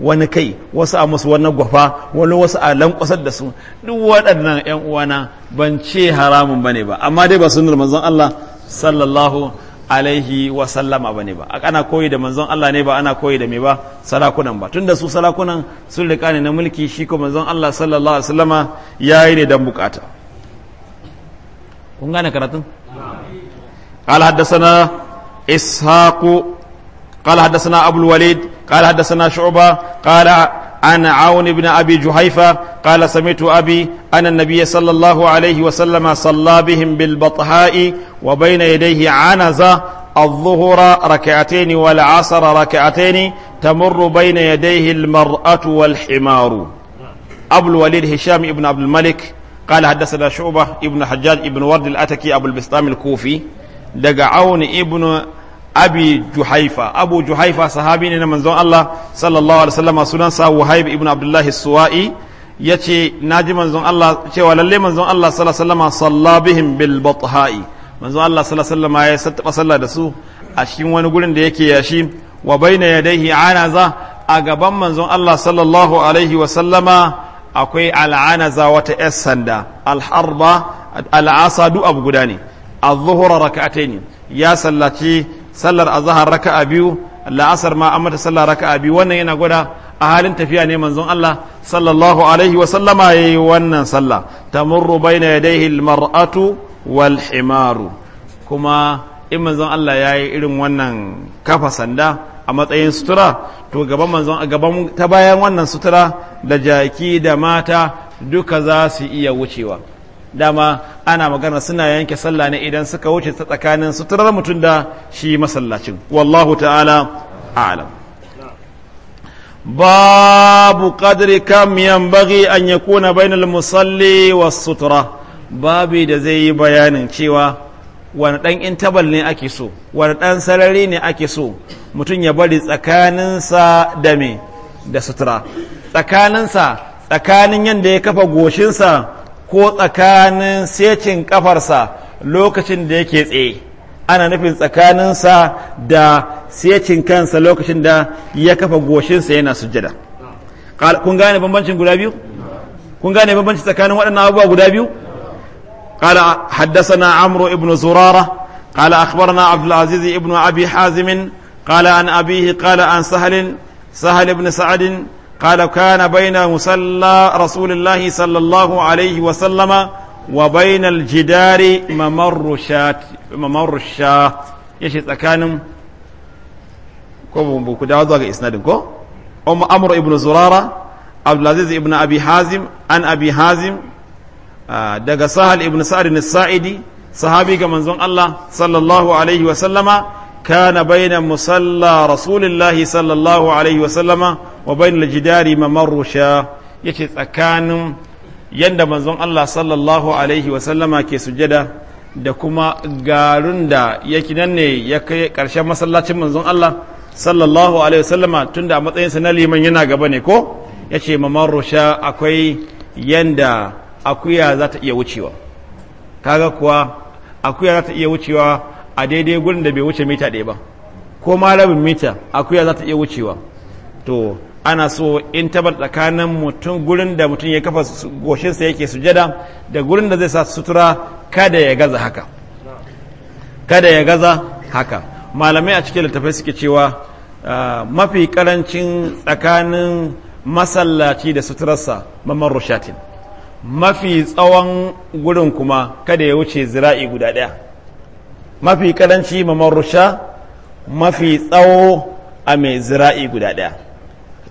wani kai wasu a musu wani gwafa wani wasu a lankwasar da su duk waɗannan ‘yan uwana ban ce haramun ba ne ba amma dai ba sunar manzon Allah sallallahu alaihi wa sallama ba ne ba kana koyi da manzon Allah ne ba ana koyi da me ba salakunan ba tun da su salakunan sun riƙa ne na mulki shi ko manzon Allah sallallahu alaihi wa ya yayi ne dan bukata kun gane karatun قال حدثنا إسحاق قال حدثنا أبو الوليد قال حدثنا شعبة قال عن عون بن أبي جهيفة قال سمعت أبي أن النبي صلى الله عليه وسلم صلى بهم بالبطحاء وبين يديه عنزة الظهر ركعتين والعصر ركعتين تمر بين يديه المرأة والحمار أبو الوليد هشام ابن عبد الملك قال حدثنا شعبة ابن حجاج ابن ورد الأتكي أبو البستام الكوفي daga aun ibn abi juhaifa abu juhaifa sahabi ne na manzon Allah sallallahu alaihi wasallam sa wahib ibn abdullahi suwa'i yace naji manzon Allah cewa lalle manzon Allah sallallahu alaihi wasallam sallabihim bil bathai manzon Allah sallallahu alaihi wasallam ya sattaba sallah da su a cikin wani gurin da yake yashi wa baina yadayhi anaza a gaban manzon Allah sallallahu alaihi wasallama akwai al'anaza wata 'yar sanda al-harba al'asa duk abu guda ne az-zuhra rak'atayn ya sallaci sallar azhar raka'a biyu la'asar ma amma sallar raka'a biyu wannan yana gwada a halin tafiya ne manzon Allah sallallahu alaihi wa sallama yayi wannan sallah ta baina yadayhi al-mar'atu wal himaru kuma in manzon Allah yayi irin wannan kafa sanda a matsayin sutura to gaban ta bayan wannan sutura da jaki da mata duka za su iya wucewa dama ana magana suna yanke sallah ne idan suka wuce ta tsakanin suturar mutum da shi masallacin wallahu ta'ala a'lam babu qadri kam bari an yakuna bainal musalli was sutura babu da zai yi bayanin cewa wani dan intabal ne ake so wani dan sarari ne ake so mutum ya bari tsakaninsa da me da sutura tsakaninsa tsakanin yadda ya kafa goshinsa ko tsakanin secin kafarsa lokacin da yake tsaye ana nufin tsakaninsa da secin kansa lokacin da ya kafa goshinsa yana sujjada kun gane bambancin guda biyu kun gane bambanci tsakanin waɗannan abubuwa guda biyu قال حدثنا عمرو ابن زرارة قال أخبرنا عبد العزيز ابن أبي حازم قال عن أبيه قال عن سهل سهل بن سعد قال كان بين مصلى رسول الله صلى الله عليه وسلم وبين الجدار ممر شات ممر الشاة يشي تكانم كوبو كدا وضع إسناد كو أم أمر ابن زرارة عبد العزيز ابن أبي حازم عن أبي حازم آه دقى سهل ابن سعد الساعدي صحابي كمن الله صلى الله عليه وسلم كان بين مصلى رسول الله صلى الله عليه وسلم وبين الجدار ممر شاة يتي تكان يند منزون الله صلى الله عليه وسلم كي سجدة da kuma garin da yake nan ne ya kai ƙarshen masallacin manzon Allah sallallahu alaihi wasallama tunda a matsayinsa na liman yana gaba ne ko ya ce mamman rusha akwai yanda akuya za ta iya wucewa kaga kuwa akuya za ta iya wucewa a daidai gurin da bai wuce mita ɗaya ba ko ma rabin mita akuya za ta iya wucewa to ana so in tabar tsakanin mutum gurin da mutum ya kafa goshinsa yake sujada da gurin da zai sa sutura kada ya gaza haka kada ya gaza haka malamai a cikin littafai suke cewa ah, mafi karancin tsakanin masallaci da suturarsa mamman rushatin mafi tsawon gurin kuma kada ya wuce zira'i guda daya. mafi karanci rusha mafi tsawo a mai zira'i guda ɗaya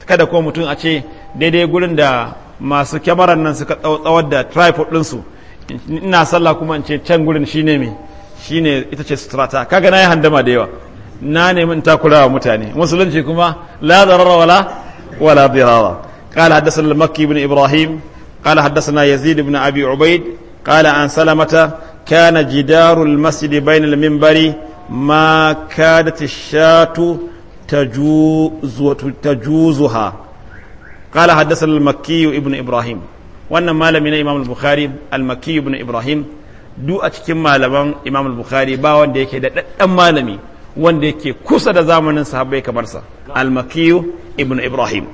kada ko mutum a ce daidai gurin da masu kyamarar nan suka tsawar da tripod ɗinsu ina sallah kuma in ce can gurin shine shi ne ita ce suturata kaga na yi handama da yawa na nemi in kula wa mutane musulunci kuma la zarara wala wala dirara قال حدثنا المكي بن ابراهيم قال حدثنا يزيد بن ابي عبيد قال عن سلمه كان جدار المسجد بين المنبر ما كادت الشاة تجوز تجوزها قال حدثنا المكي ابن إبراهيم وأن مال من إمام البخاري المكي ابن إبراهيم دو أتكم مالبان إمام البخاري با وان ديكي دا مالمي وان ديكي كوسا دا زامن صحابي كبرسا المكي ابن إبراهيم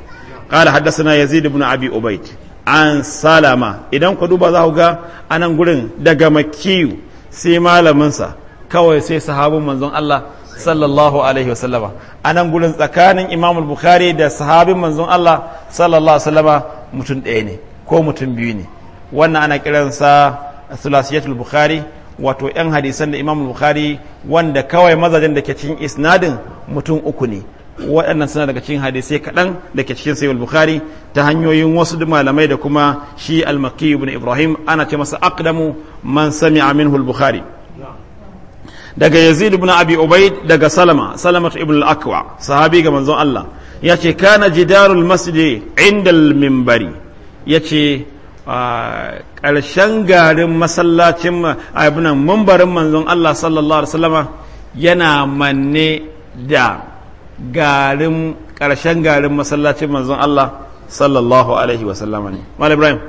قال حدثنا يزيد بن أبي أبيت an salama idan ku duba za ku ga anan gurin daga makiyu sai malaminsa kawai sai sahabin manzon Allah sallallahu alaihi wasallama anan gurin tsakanin imam bukhari da sahabin manzon Allah sallallahu alaihi wasallama mutum ɗaya ne ko mutum biyu ne wannan ana kiransa sulasiyatul bukhari wato yan hadisan da imam bukhari wanda kawai mazajen da ke cikin isnadin mutum uku ne waɗannan suna daga cikin hadisai kaɗan da ke cikin sayyid bukhari ta hanyoyin wasu malamai da kuma shi al ibn ibrahim ana ce masa aqdamu man sami minhu bukhari daga yazid ibn abi ubaid daga salama salama ibn al-akwa sahabi ga manzon Allah yace kana jidarul masjid inda al-minbari yace ah, ƙarshen garin masallacin abinan mambarin manzon Allah sallallahu alaihi wasallama yana manne da garin ƙarshen garin masallacin manzon Allah sallallahu alaihi wasallama ne mal ibrahim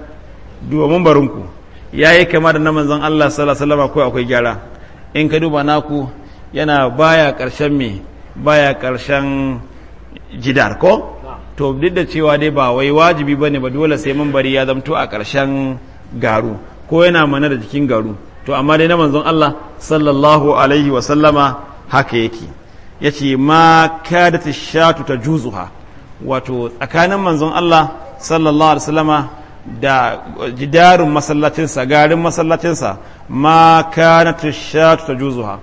duba mun barinku yayi kama da na manzon Allah sallallahu alaihi akwai gyara in ka duba naku yana baya ƙarshen me baya ƙarshen jidar ko to duk da cewa dai ba wai wajibi bane ba dole sai mun bari ya zamto a ƙarshen garu ko yana mana da jikin garu to amma dai na manzon Allah sallallahu alaihi wasallama haka yake yace ce ma kadat shatu ta juzuha wato tsakanin manzon Allah sallallahu alaihi wasallama da jidarin masallacinsa garin masallacinsa ma kanat shatu ta juzuha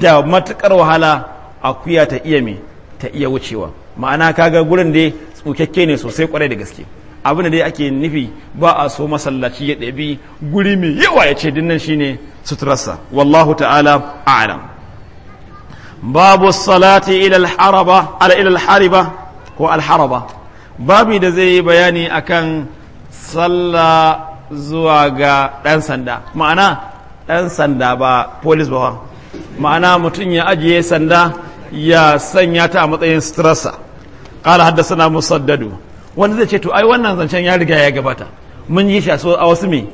da matukar wahala akuya ta iya me ta iya wucewa ma'ana kaga gurin da tsukakke ne sosai kwarai da gaske abin da dai ake nufi ba a so masallaci ya ɗabi guri mai yawa ya ce dinnan shine suturarsa wallahu ta'ala a'lam babu salati ila haraba ala ila hariba ko al-haraba babu da zai yi bayani akan sallah zuwa ga ɗan sanda ma'ana ɗan sanda ba police ba ma'ana mutum ya ajiye sanda ya sanya ta a matsayin stressa qala na musaddadu wanda zai ce to ai wannan zancen ya riga ya gabata mun yi shi a wasu me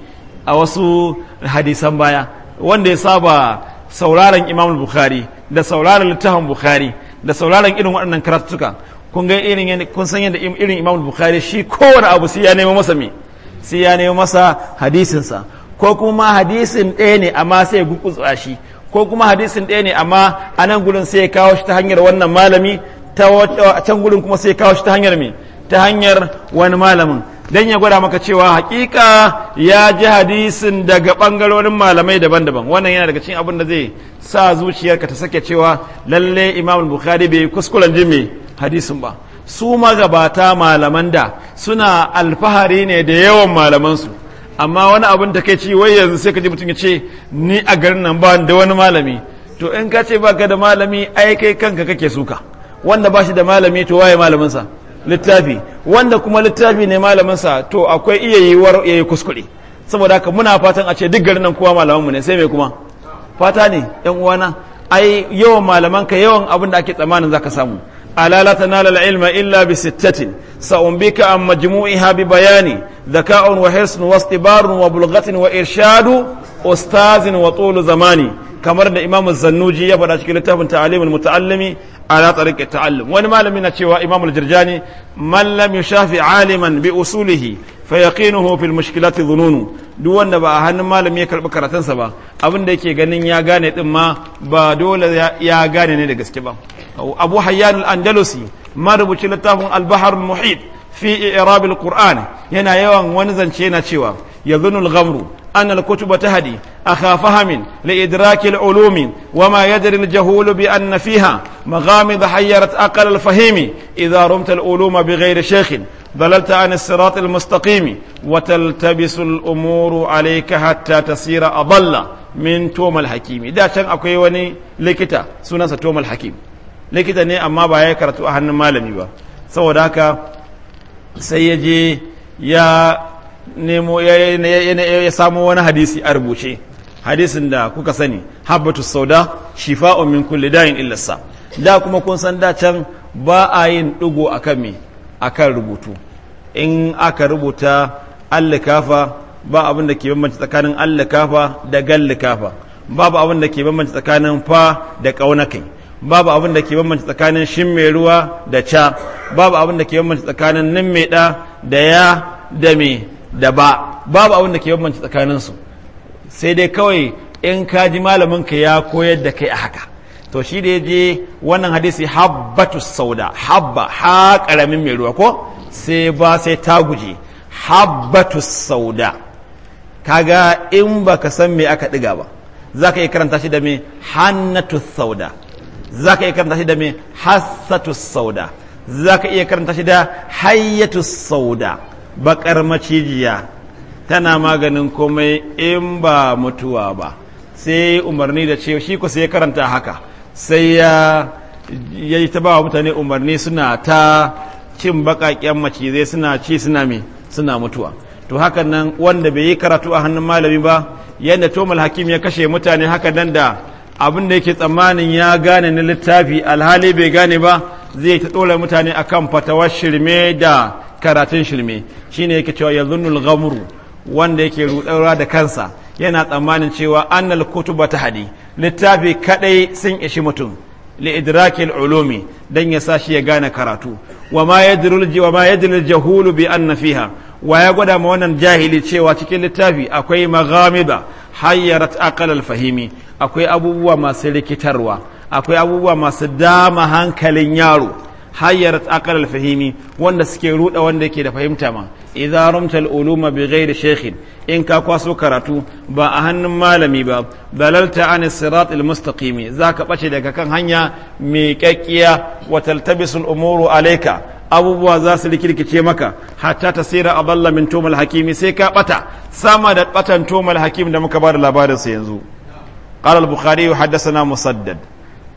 a wasu hadisan baya wanda ya saba sauraron imam bukhari da sauraron littafin bukhari da sauraron irin waɗannan karatuka kun ga irin kun san yadda irin imam bukhari shi kowane abu sai ya nemo masa me sai ya nemo masa hadisinsa ko kuma hadisin ɗaya ne amma sai ya gukutsa shi ko kuma hadisin ɗaya ne amma a nan gurin sai ya kawo shi ta hanyar wannan malami ta can gurin kuma sai ya kawo shi ta hanyar me ta hanyar wani malamin dan ya gwada maka cewa hakika ya ji hadisin daga bangarorin malamai daban-daban wannan yana daga cikin abin da zai sa zuciyarka ta sake cewa lalle imam bukhari bai kuskuren jin hadisin ba su magabata malaman da suna alfahari ne da yawan malamansu amma wani abin da kai ci wai yanzu sai ka ji mutum ya ce ni a garin nan ba da wani malami to in ka ce baka da malami ai kai kanka kake suka wanda ba shi da malami to waye malaminsa littafi wanda kuma littafi ne sa to akwai iya yiwuwar ya yi kuskure saboda haka muna fatan a ce duk garin nan kowa malaminmu ne sai me kuma fata ne ɗan uwana ai yawan malamanka yawan abin da ake tsammanin zaka samu alala ta nalala ilma illa bi sittatin sa'un bika an majmu'i ha bi bayani zaka'un wa hirsun wa istibarun wa bulghatin wa irshadu ustazin wa tulu zamani kamar da imamu zannuji ya faɗa cikin littafin ta'alimul muta'allimi ala tariqi ta'allum wani malami na cewa imamul jirjani man lam yushafi aliman bi usulihi fa yaqinuhu fil mushkilati dhununu duk wanda ba a hannun malami ya karbi karatunsa ba abin da yake ganin ya gane din ma ba dole ya gane ne da gaske ba abu hayyan al-andalusi marubuci littafin al-bahr muhit fi i'rab al-qur'an yana yawan wani zance yana cewa ya zunu al-ghamru an al-kutuba tahdi akha fahamin li idrak al-ulum wa ma yadri al-jahul bi anna fiha maghamid hayyarat aqal al-fahim idha rumt al-ulum bi ghayri shaykh ضللت عن الصراط alaika hatta الامور عليك حتى تصير اضل من توم الحكيم da can akwai wani likita sunansa توم الحكيم likita ne amma ba ya karatu a hannun malami ba saboda haka sai ya ya nemo ya samo wani hadisi a rubuce hadisin da kuka sani habbatu sauda shifa'un min kulli da'in illasa da kuma kun san da can ba a yin dugo akan me akan rubutu in aka rubuta kafa ba abin da ke bambanci tsakanin kafa da gallikafa babu abin da ke bambanci tsakanin fa da kaunakai babu abin da ke bambanci tsakanin shin mai ruwa da ca babu abin da ke bambanci tsakanin nin mai da da ya da me da ba babu abin da ke bambanci tsakaninsu sai dai kawai in ka ji malaminka ya koyar da kai a haka to shi da ya je wannan hadisi habbatu sauda habba ha karamin mai ruwa ko sai ba sai ta guje habbatu sauda kaga in ba ka san me aka diga ba za ka iya karanta shi da me hannatu sauda za ka iya karanta shi da me hassatu sauda za ka iya karanta shi da hayyatu sauda bakar macijiya tana maganin komai in ba mutuwa ba sai umarni da cewa shi kusa sai karanta haka sai ya yi ta ba mutane umarni suna ta cin bakaken macizai suna ci suna mai suna mutuwa to hakan nan wanda bai yi karatu a hannun malami ba yadda tomal hakim ya kashe mutane haka nan da abin da yake tsammanin ya gane na littafi alhali bai gane ba zai ta tsola mutane akan fatawar shirme da karatun shirme shine yake cewa zunul ghamru wanda yake rudarwa da kansa yana tsammanin cewa annal kutuba ta hadi littafi kadai sun ishi mutum li idrakil ulumi dan ya shi ya gane karatu wa ma yadrul wa ma yadrul jahulu bi anna fiha wa ya gwada ma wannan jahili cewa cikin littafi akwai maghamiba hayyarat aqal al fahimi akwai abubuwa masu rikitarwa akwai abubuwa masu dama hankalin yaro hayyarat aqal al-fahimi wanda suke ruda wanda yake da fahimta ma idza rumta uluma bi ghairi shaykhin in ka kwaso karatu ba a hannun malami ba balalta an sirat al-mustaqim zaka bace daga kan hanya mai kakkiya wa taltabisu al-umuru alayka abubuwa za su rikirkice maka hatta tasira aballa min tumal hakimi sai ka bata sama da batan tumal hakim da muka ba da labarin sa yanzu قال البخاري حدثنا مسدد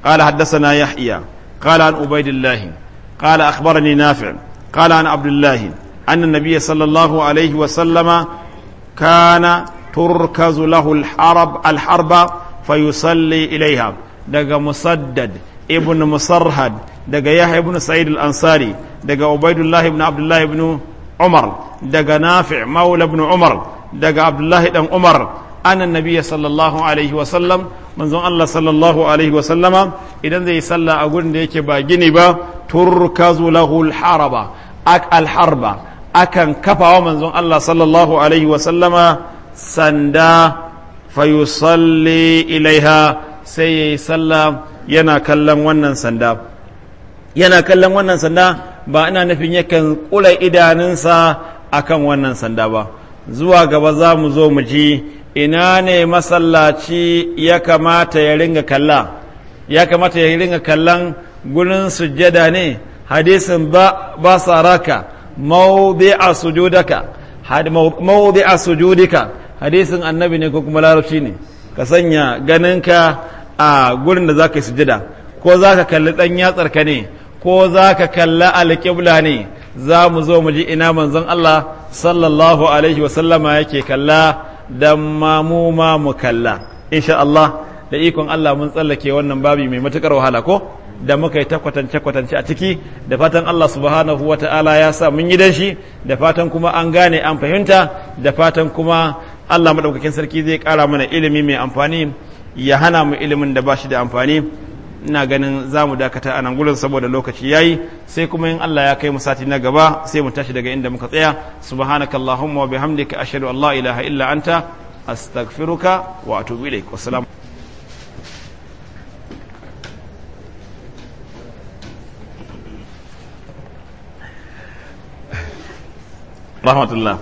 قال حدثنا يحيى قال عن عبيد الله قال أخبرني نافع قال عن عبد الله أن النبي صلى الله عليه وسلم كان تركز له الحرب الحرب فيصلي إليها دق مسدد ابن مصرهد دق يحيى بن سعيد الأنصاري دق عبيد الله بن عبد الله بن عمر دق نافع مولى بن عمر دق عبد الله بن عمر anan nabiya sallallahu alaihi wasallam manzon Allah sallallahu alaihi wasallama idan zai salla a gurin da yake ba gini ba turkazu lahu alharaba ak alharba akan wa manzon Allah sallallahu alaihi wasallama sanda fayusalli ilaiha sai yayi salla yana kallon wannan sanda yana kallon wannan sanda ba ina nufin yakan kula idanunsa akan wannan sanda ba zuwa gaba za mu zo mu ji ina ne masallaci ya kamata ya ringa kalla ya kamata ya ringa kallan gurin sujjada ne hadisin ba ba saraka a sujudaka mawdi'a sujudika hadisin annabi ne ko kuma larabci ne ka sanya ganinka a gurin da zaka yi sujjada ko zaka kalli dan yatsar ka ne ko zaka kalla alqibla ne za mu zo mu ji ina manzon Allah sallallahu alaihi wa sallama yake kalla dan ma mu ma mu kalla insha Allah da ikon Allah mun tsallake wannan babu mai matukar wahala ko da muka yi ta kwatance kwatance a ciki da fatan Allah subhanahu wata'ala ya sa mun yi danshi da fatan kuma an gane an fahimta da fatan kuma Allah madaukakin sarki zai kara mana ilimi mai amfani ya hana mu ilimin da ba shi da amfani ina ganin za mu dakata a nan gurin saboda lokaci yayi sai kuma in Allah ya kai mu sati na gaba sai mu tashi daga inda muka tsaya Allahumma wa bihamdika ashhadu an la ilaha illa anta astaghfiruka wa atubu ilaik wassalam rahmatullah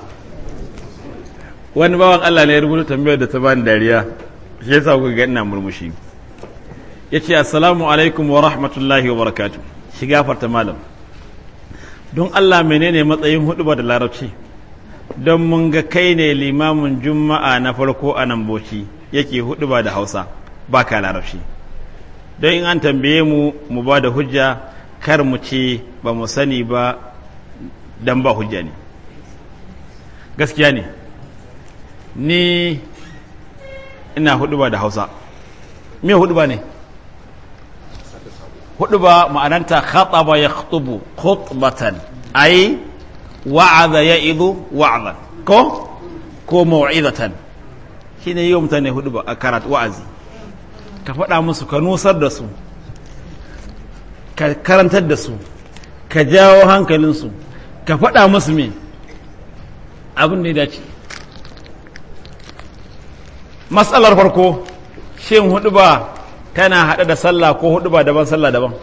wani bawan Allah ne ya rubuta tambayar da ta bani dariya shi yasa ku ga ina murmushi ya ce assalamu alaikum wa rahmatullahi wa barakatu shi gafarta malam don Allah menene matsayin hudu da larabci don mun ga kai ne limamin juma'a na farko a nan boci yake hudu da hausa ba ka larabci don in an tambaye mu mu ba da hujja kar mu ce ba mu sani ba don ba hujja ne gaskiya ne ni ina hudu da hausa me hudu ne hudu ba ma'ananta khataba ya khutubu khutbatan ai wa'aza ya idu wa'aza ko ko shi shine yi mutane hudu ba a karat wa'azi ka faɗa musu ka nusar da su ka karantar da su ka jawo hankalinsu ka faɗa musu me abin da ya dace matsalar farko shin hudu ba tana haɗe da sallah ko hudu ba daban sallah daban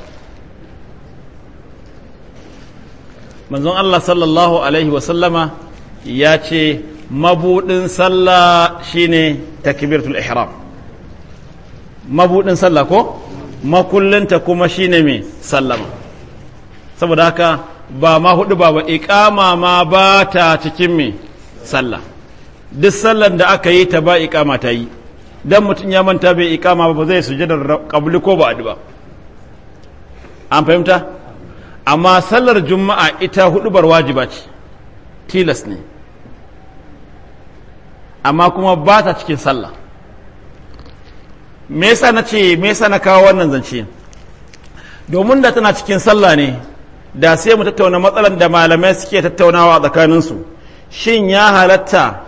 manzon Allah sallallahu alaihi wasallama ya ce mabuɗin sallah shine takbiratul ihram mabuɗin sallah ko makullinta kuma shine mai sallama saboda haka ba ma hudu ba ba iƙama ma ba ta cikin mai sallah duk sallan da aka yi ta ba iƙama ta yi dan mutum ya manta bai ikama ba zai sujadar kabli ko ba ba an fahimta amma sallar juma'a ita hudubar wajiba ce tilas ne amma kuma ba ta cikin sallah me yasa na ce me yasa na kawo wannan zance domin da tana cikin sallah ne da sai mu tattauna matsalan da malamai suke tattaunawa tsakaninsu shin ya halatta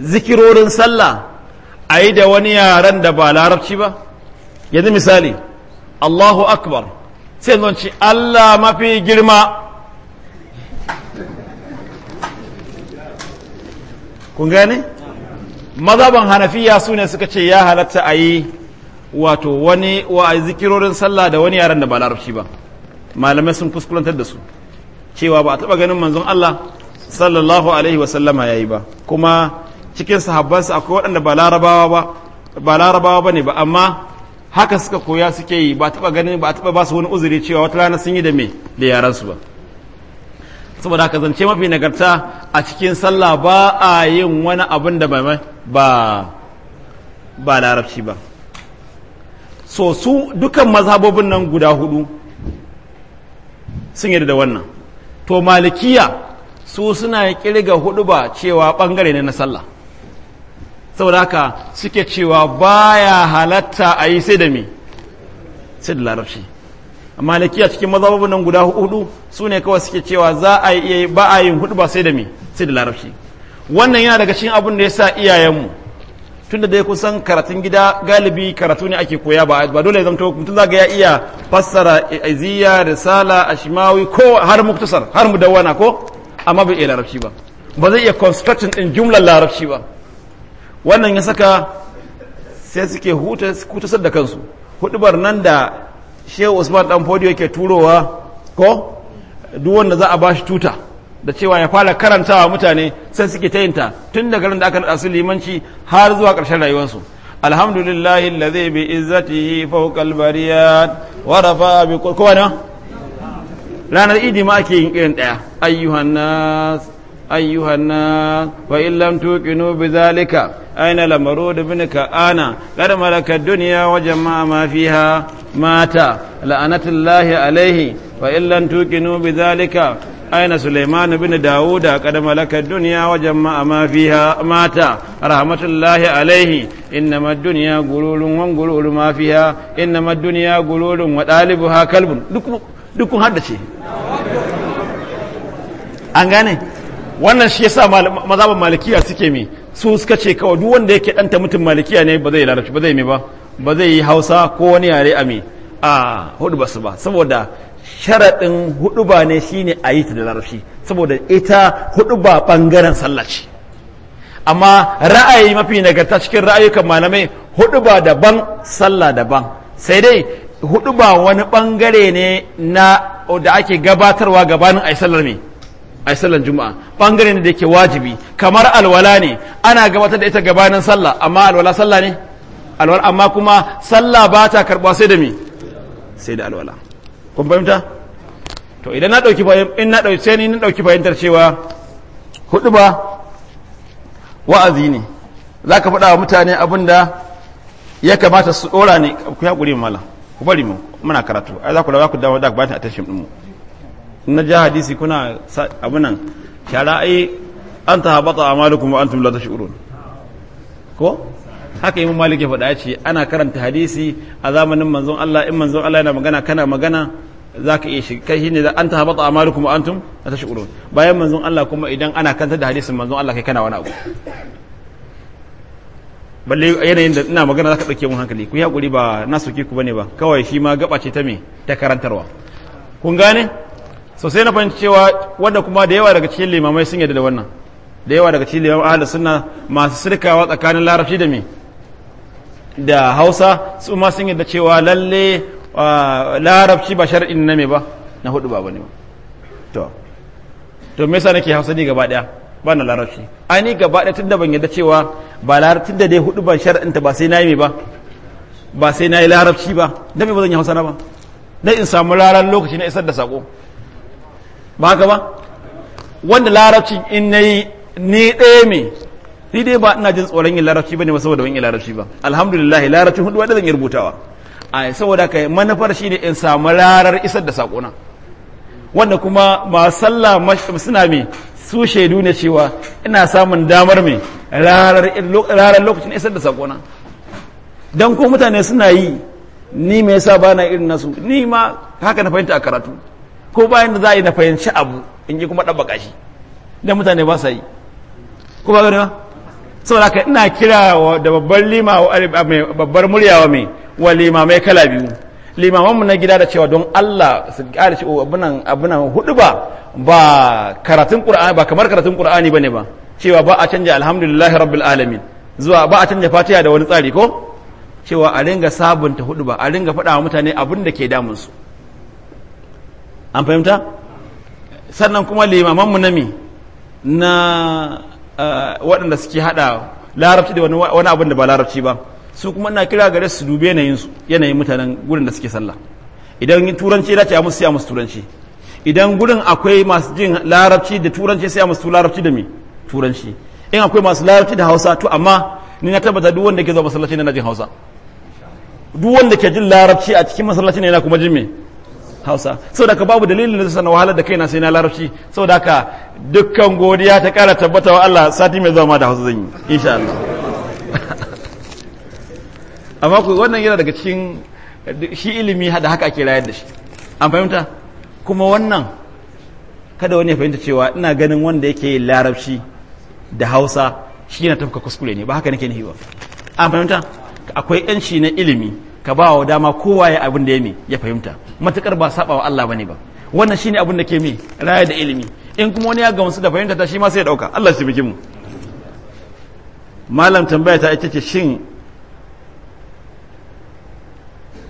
zikirorin sallah a yi da wani yaren da ba larabci ba yanzu misali allahu akbar sai zan allah mafi girma kun gane mazaban hanafiya su ne suka ce ya halatta a yi wato wani wa zikirorin sallah da wani yaren da ba larabci ba malamai sun kuskulantar da su cewa ba a taɓa ganin manzon allah sallallahu alaihi wasallama ya yi ba kuma cikin sahabbansa akwai waɗanda ba larabawa ba ne larabawa ba amma haka suka koya suke yi ba taɓa ganin ba taɓa ba su wani uzuri cewa wata rana sun yi da me da yaran su ba saboda haka zance mafi nagarta a cikin sallah ba a yin wani abin da ba ba larabci ba so su dukan mazhabobin nan guda hudu sun yi da wannan to malikiya su suna kirga hudu ba cewa bangare ne na sallah saboda haka suke cewa baya halatta a yi sai da mi sai da larabci a cikin mazhabobin nan guda hudu su ne kawai suke cewa za a yi ba a yin hudu ba sai da mi sai da larabci wannan yana daga cikin abin da ya sa iyayenmu tun da dai kusan karatun gida galibi karatu ne ake koya ba ba dole zan zamto mutum zagaya ya iya fassara iziya risala ashmawi ko har muktasar har dawana ko amma bai iya larabci ba ba zai iya construction din jumlar larabci ba wannan ya saka sai suke hutasar da kansu hudubar nan da shehu usman dan fodiyo yake turowa ko duk wanda za a ba shi tuta da cewa ya fara karantawa mutane sai suke ta tun daga ran da aka naɗa su limanci har zuwa ƙarshen rayuwarsu alhamdulillah allazi bi izzatihi fawqa albariyat wa rafa bi kowana ranar idi ma ake yin irin daya ayyuhan nas ayyuhan nas wa illam tuqinu bi zalika أين لمرود بن أنا قد ملك الدنيا وجمع ما فيها مات لأنة الله عليه وإن لن توقنوا بذلك أين سليمان بن داود قد ملك الدنيا وجمع ما فيها مات رحمة الله عليه إنما الدنيا قلول وانقلول ما فيها إنما الدنيا قلول وطالبها كلب دكم دكم هذا شيء an gane wannan shi yasa mazhabin malikiya suke mi su suka ce kawai duk wanda yake danta mutum malikiya ne ba zai larabci ba zai mai ba ba zai yi hausa ko wani yare a a hudu ba su ba saboda sharaɗin hudu ba ne shine a yi ta da larabci saboda ita hudu ba ɓangaren sallah amma ra'ayi mafi nagarta cikin ra'ayukan malamai hudu ba daban sallah daban sai dai hudu ba wani ɓangare ne na da ake gabatarwa gabanin a yi sallar mai a sallan juma'a bangare ne da yake wajibi kamar alwala ne ana gabatar da ita gabanin sallah amma alwala sallah ne alwala amma kuma sallah ba ta karbuwa sai da mi sai da alwala kun fahimta to idan na ɗauki in na ɗauki sai ni na ɗauki fahimtar cewa hudu ba wa'azi ne za ka faɗa wa mutane abin da ya kamata su ɗora ne ku ya guri mala ku bari mu muna karatu ai za ku da za ku dawo da bayan a tashin ɗinmu na ja hadisi kuna abunan shara ai an ta habata a malikun an tumla ta shi'urun ko haka imam malik ya faɗa ce ana karanta hadisi a zamanin manzon Allah in manzon Allah yana magana kana magana za ka iya shiga kai shine an ta habata a malikun an tum ta shi'urun bayan manzon Allah kuma idan ana kanta da hadisin manzon Allah kai kana wani abu balle yanayin da ina magana za ka ɗauke mun hankali ku yi haƙuri ba na soke ku bane ba kawai shi ma gaba ce ta me ta karantarwa kun gane so sai na fahimci cewa wanda kuma da yawa daga cikin limamai sun yadda da wannan da yawa daga cikin limamai ahli suna masu sirkawa tsakanin larabci da me da hausa su ma sun yadda cewa lalle ah, larabci ba shar'in na me ba na hudu ba ne. ba to to me yasa nake hausa ne gaba daya ba na larabci ai ni gaba daya tunda ban yadda cewa ba larabci da dai hudu ban shar'in ta ba sai na me ba ba sai larabci ba dan me ba zan yi hausa na ba dan in samu raran lokaci na isar da sako ba haka ba wanda larabci in nayi ni ɗaya me ni dai ba ina jin tsoron yin larabci bane ba saboda ban yi larabci ba alhamdulillah larabci hudu wadda zan yi rubutawa a saboda kai manufar shine in samu rarar isar da sakona wanda kuma masu sallah suna me su shaidu ne cewa ina samun damar me rarar lokacin isar da sakona don ko mutane suna yi ni me yasa ba na irin nasu ni ma haka na fahimta a karatu ko bayan da za a yi na fahimci abu in yi kuma ɗabba ƙashi. da mutane ba sa yi ko ba gani ba saboda ka ina kira da babbar lima babbar murya wa mai wa limamai kala biyu limamanmu na gida da cewa don Allah su ƙara ce oh, abunan abunan hudu ba ba karatun Qur'ani ba kamar karatun Qur'ani ne ba cewa ba a canja alhamdulillahi rabbil alamin zuwa ba a canja Fatiha da wani tsari ko cewa a ringa sabunta hudu ba a ringa faɗa wa mutane abin da ke damun su an fahimta sannan kuma limamanmu na me na ah, waɗanda suke haɗa larabci da wani abin da ba larabci ba su kuma na kira gare su dube yanayinsu yanayin mutanen gurin da suke sallah idan turanci dace a musu ya musu turanci idan gurin akwai masu jin larabci da turanci sai a musu larabci da me turanci in akwai masu larabci da hausa to amma ni na tabbata duk wanda ke zo masallaci na jin hausa duk wanda ke jin larabci a cikin masallaci ne yana kuma jin me hausa saboda ka babu dalilin da sana wahalar da kaina sai na larabci saboda ka dukkan godiya ta kara tabbata wa Allah sati mai zama da hausa zan yi insha Allah amma ku wannan yana daga cikin shi ilimi da haka ake rayar da shi an fahimta kuma wannan kada wani ya fahimta cewa ina ganin wanda yake larabci da hausa shi yana tafka kuskure ne ba haka nake nihi ba an fahimta akwai yanci na ilimi ka ba wa dama kowa ya abin da ya mi ya fahimta matukar ba saba wa Allah bane ba wannan shine abin da ke mi raya da ilimi in kuma wani ya gamsu da fahimta ta shi ma sai ya dauka Allah shi bikin mu malam tambaya ta ita ce shin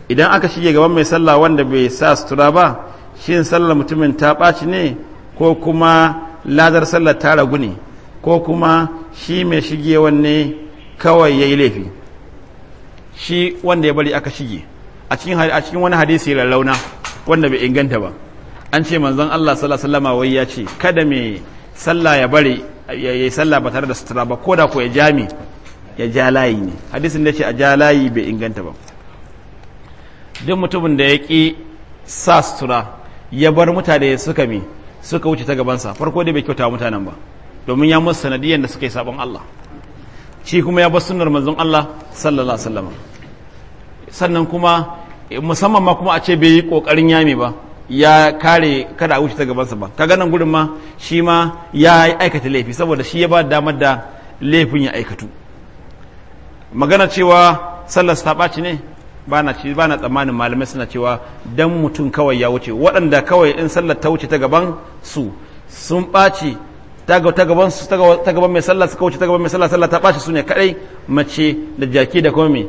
idan aka shige gaban mai sallah wanda bai sa sutura ba shin sallar mutumin ta ɓaci ne ko kuma ladar sallar ta ragu ne ko kuma shi mai shige wanne kawai yayi yi laifi shi wanda ya bari aka shige a cikin wani hadisi lallauna wanda bai inganta ba an ce manzon Allah sallallahu alaihi wasallam wai ya ce kada me sallah ya bari ya yi sallah ba tare da sutura ba ko da ko ya jami ya ja layi ne hadisin da ce a ja layi bai inganta ba duk mutumin da ya ki sa sutura ya bar mutane suka mi suka wuce ta gabansa farko dai bai kyauta mutanen ba domin ya musu sanadiyan da suka yi sabon Allah shi kuma ya bar sunnar manzon Allah sallallahu alaihi wasallam sannan kuma musamman ma kuma a ce bai yi kokarin yami ba ya kare kada a wuce ta gabansa ba kaga nan gurin ma shi ma ya aikata laifi saboda shi ya ba damar da laifin ya aikatu magana cewa sallar ta baci ne ba na tsammanin malamai suna cewa dan mutum kawai ya wuce waɗanda kawai in sallar ta wuce ta gaban su sun ɓaci ta gaban su mai sallah suka wuce ta gaban mai sallah sallah ta bashi su ne kadai mace da jaki da kuma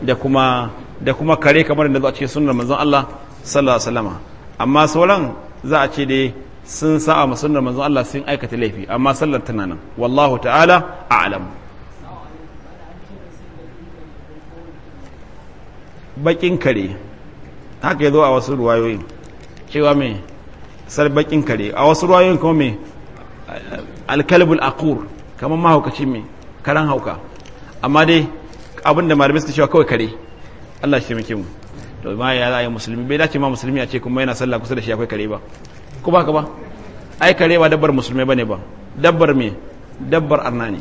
da kuma da kuma kare kamar da a cikin sunnar manzon Allah sallallahu alaihi wasallama amma sauran za a ce dai sun sa'a ma sunnar manzon Allah sun aikata laifi amma sallar tana nan wallahu ta'ala a'lam bakin kare haka ya zo a wasu ruwayoyin cewa me sar bakin kare a wasu ruwayoyin kuma me alkalibul akur kamar mahaukacin mai karan hauka amma dai abin da malamai suka cewa kawai kare Allah shi taimake mu to ma ya zai musulmi bai dace ma musulmi a ce kuma yana sallah kusa da shi akwai kare ba ko ba ka ba ai kare ba dabbar musulmai bane ba dabbar me dabbar arna ne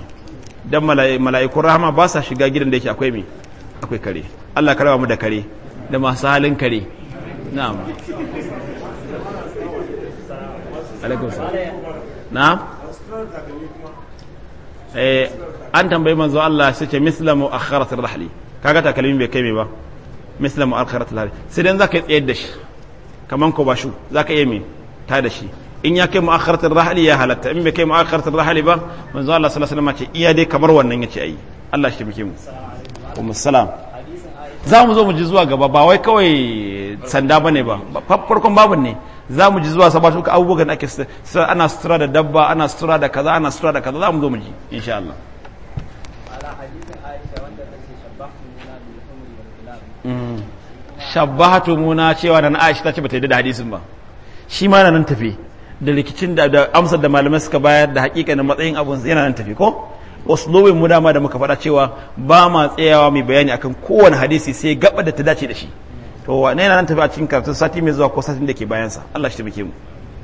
dan mala'ikun rahama ba sa shiga gidan da yake akwai me akwai kare Allah ka mu da kare da masu halin kare na'am alaikum salam na eh an tambayi manzo Allah sai ce mislamu akharat rahli kaga takalmin bai kai me ba mislamu akharat rahli sai dan zaka tsayar da shi kaman ko bashu zaka yi me ta da shi in ya kai mu'akharat rahli ya halatta in bai kai mu'akharat rahli ba manzo Allah sallallahu alaihi wasallam ce iya dai kamar wannan yace ayi Allah shi muke mu ummu salam za mu zo mu ji zuwa gaba ba wai kawai sanda bane ba farkon babun ne za mu ji zuwa sabatuka abubuwan da ake ana sutura da dabba ana sutura da kaza ana sutura da kaza za mu zo mu ji insha Allah shabbatu mm. muna cewa nan Aisha ta ce bata yi da hadisin ba shi ma nan tafi da rikicin da amsar da malamai suka bayar da hakikanin matsayin abun yana nan tafi ko uslubin mu dama da muka faɗa cewa ba ma tsayawa mai bayani akan kowane hadisi sai gaba da ta dace da shi to ne na nan tafi a cikin karatun sati mai zuwa ko satin da ke bayansa Allah shi taimake mu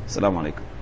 assalamu alaikum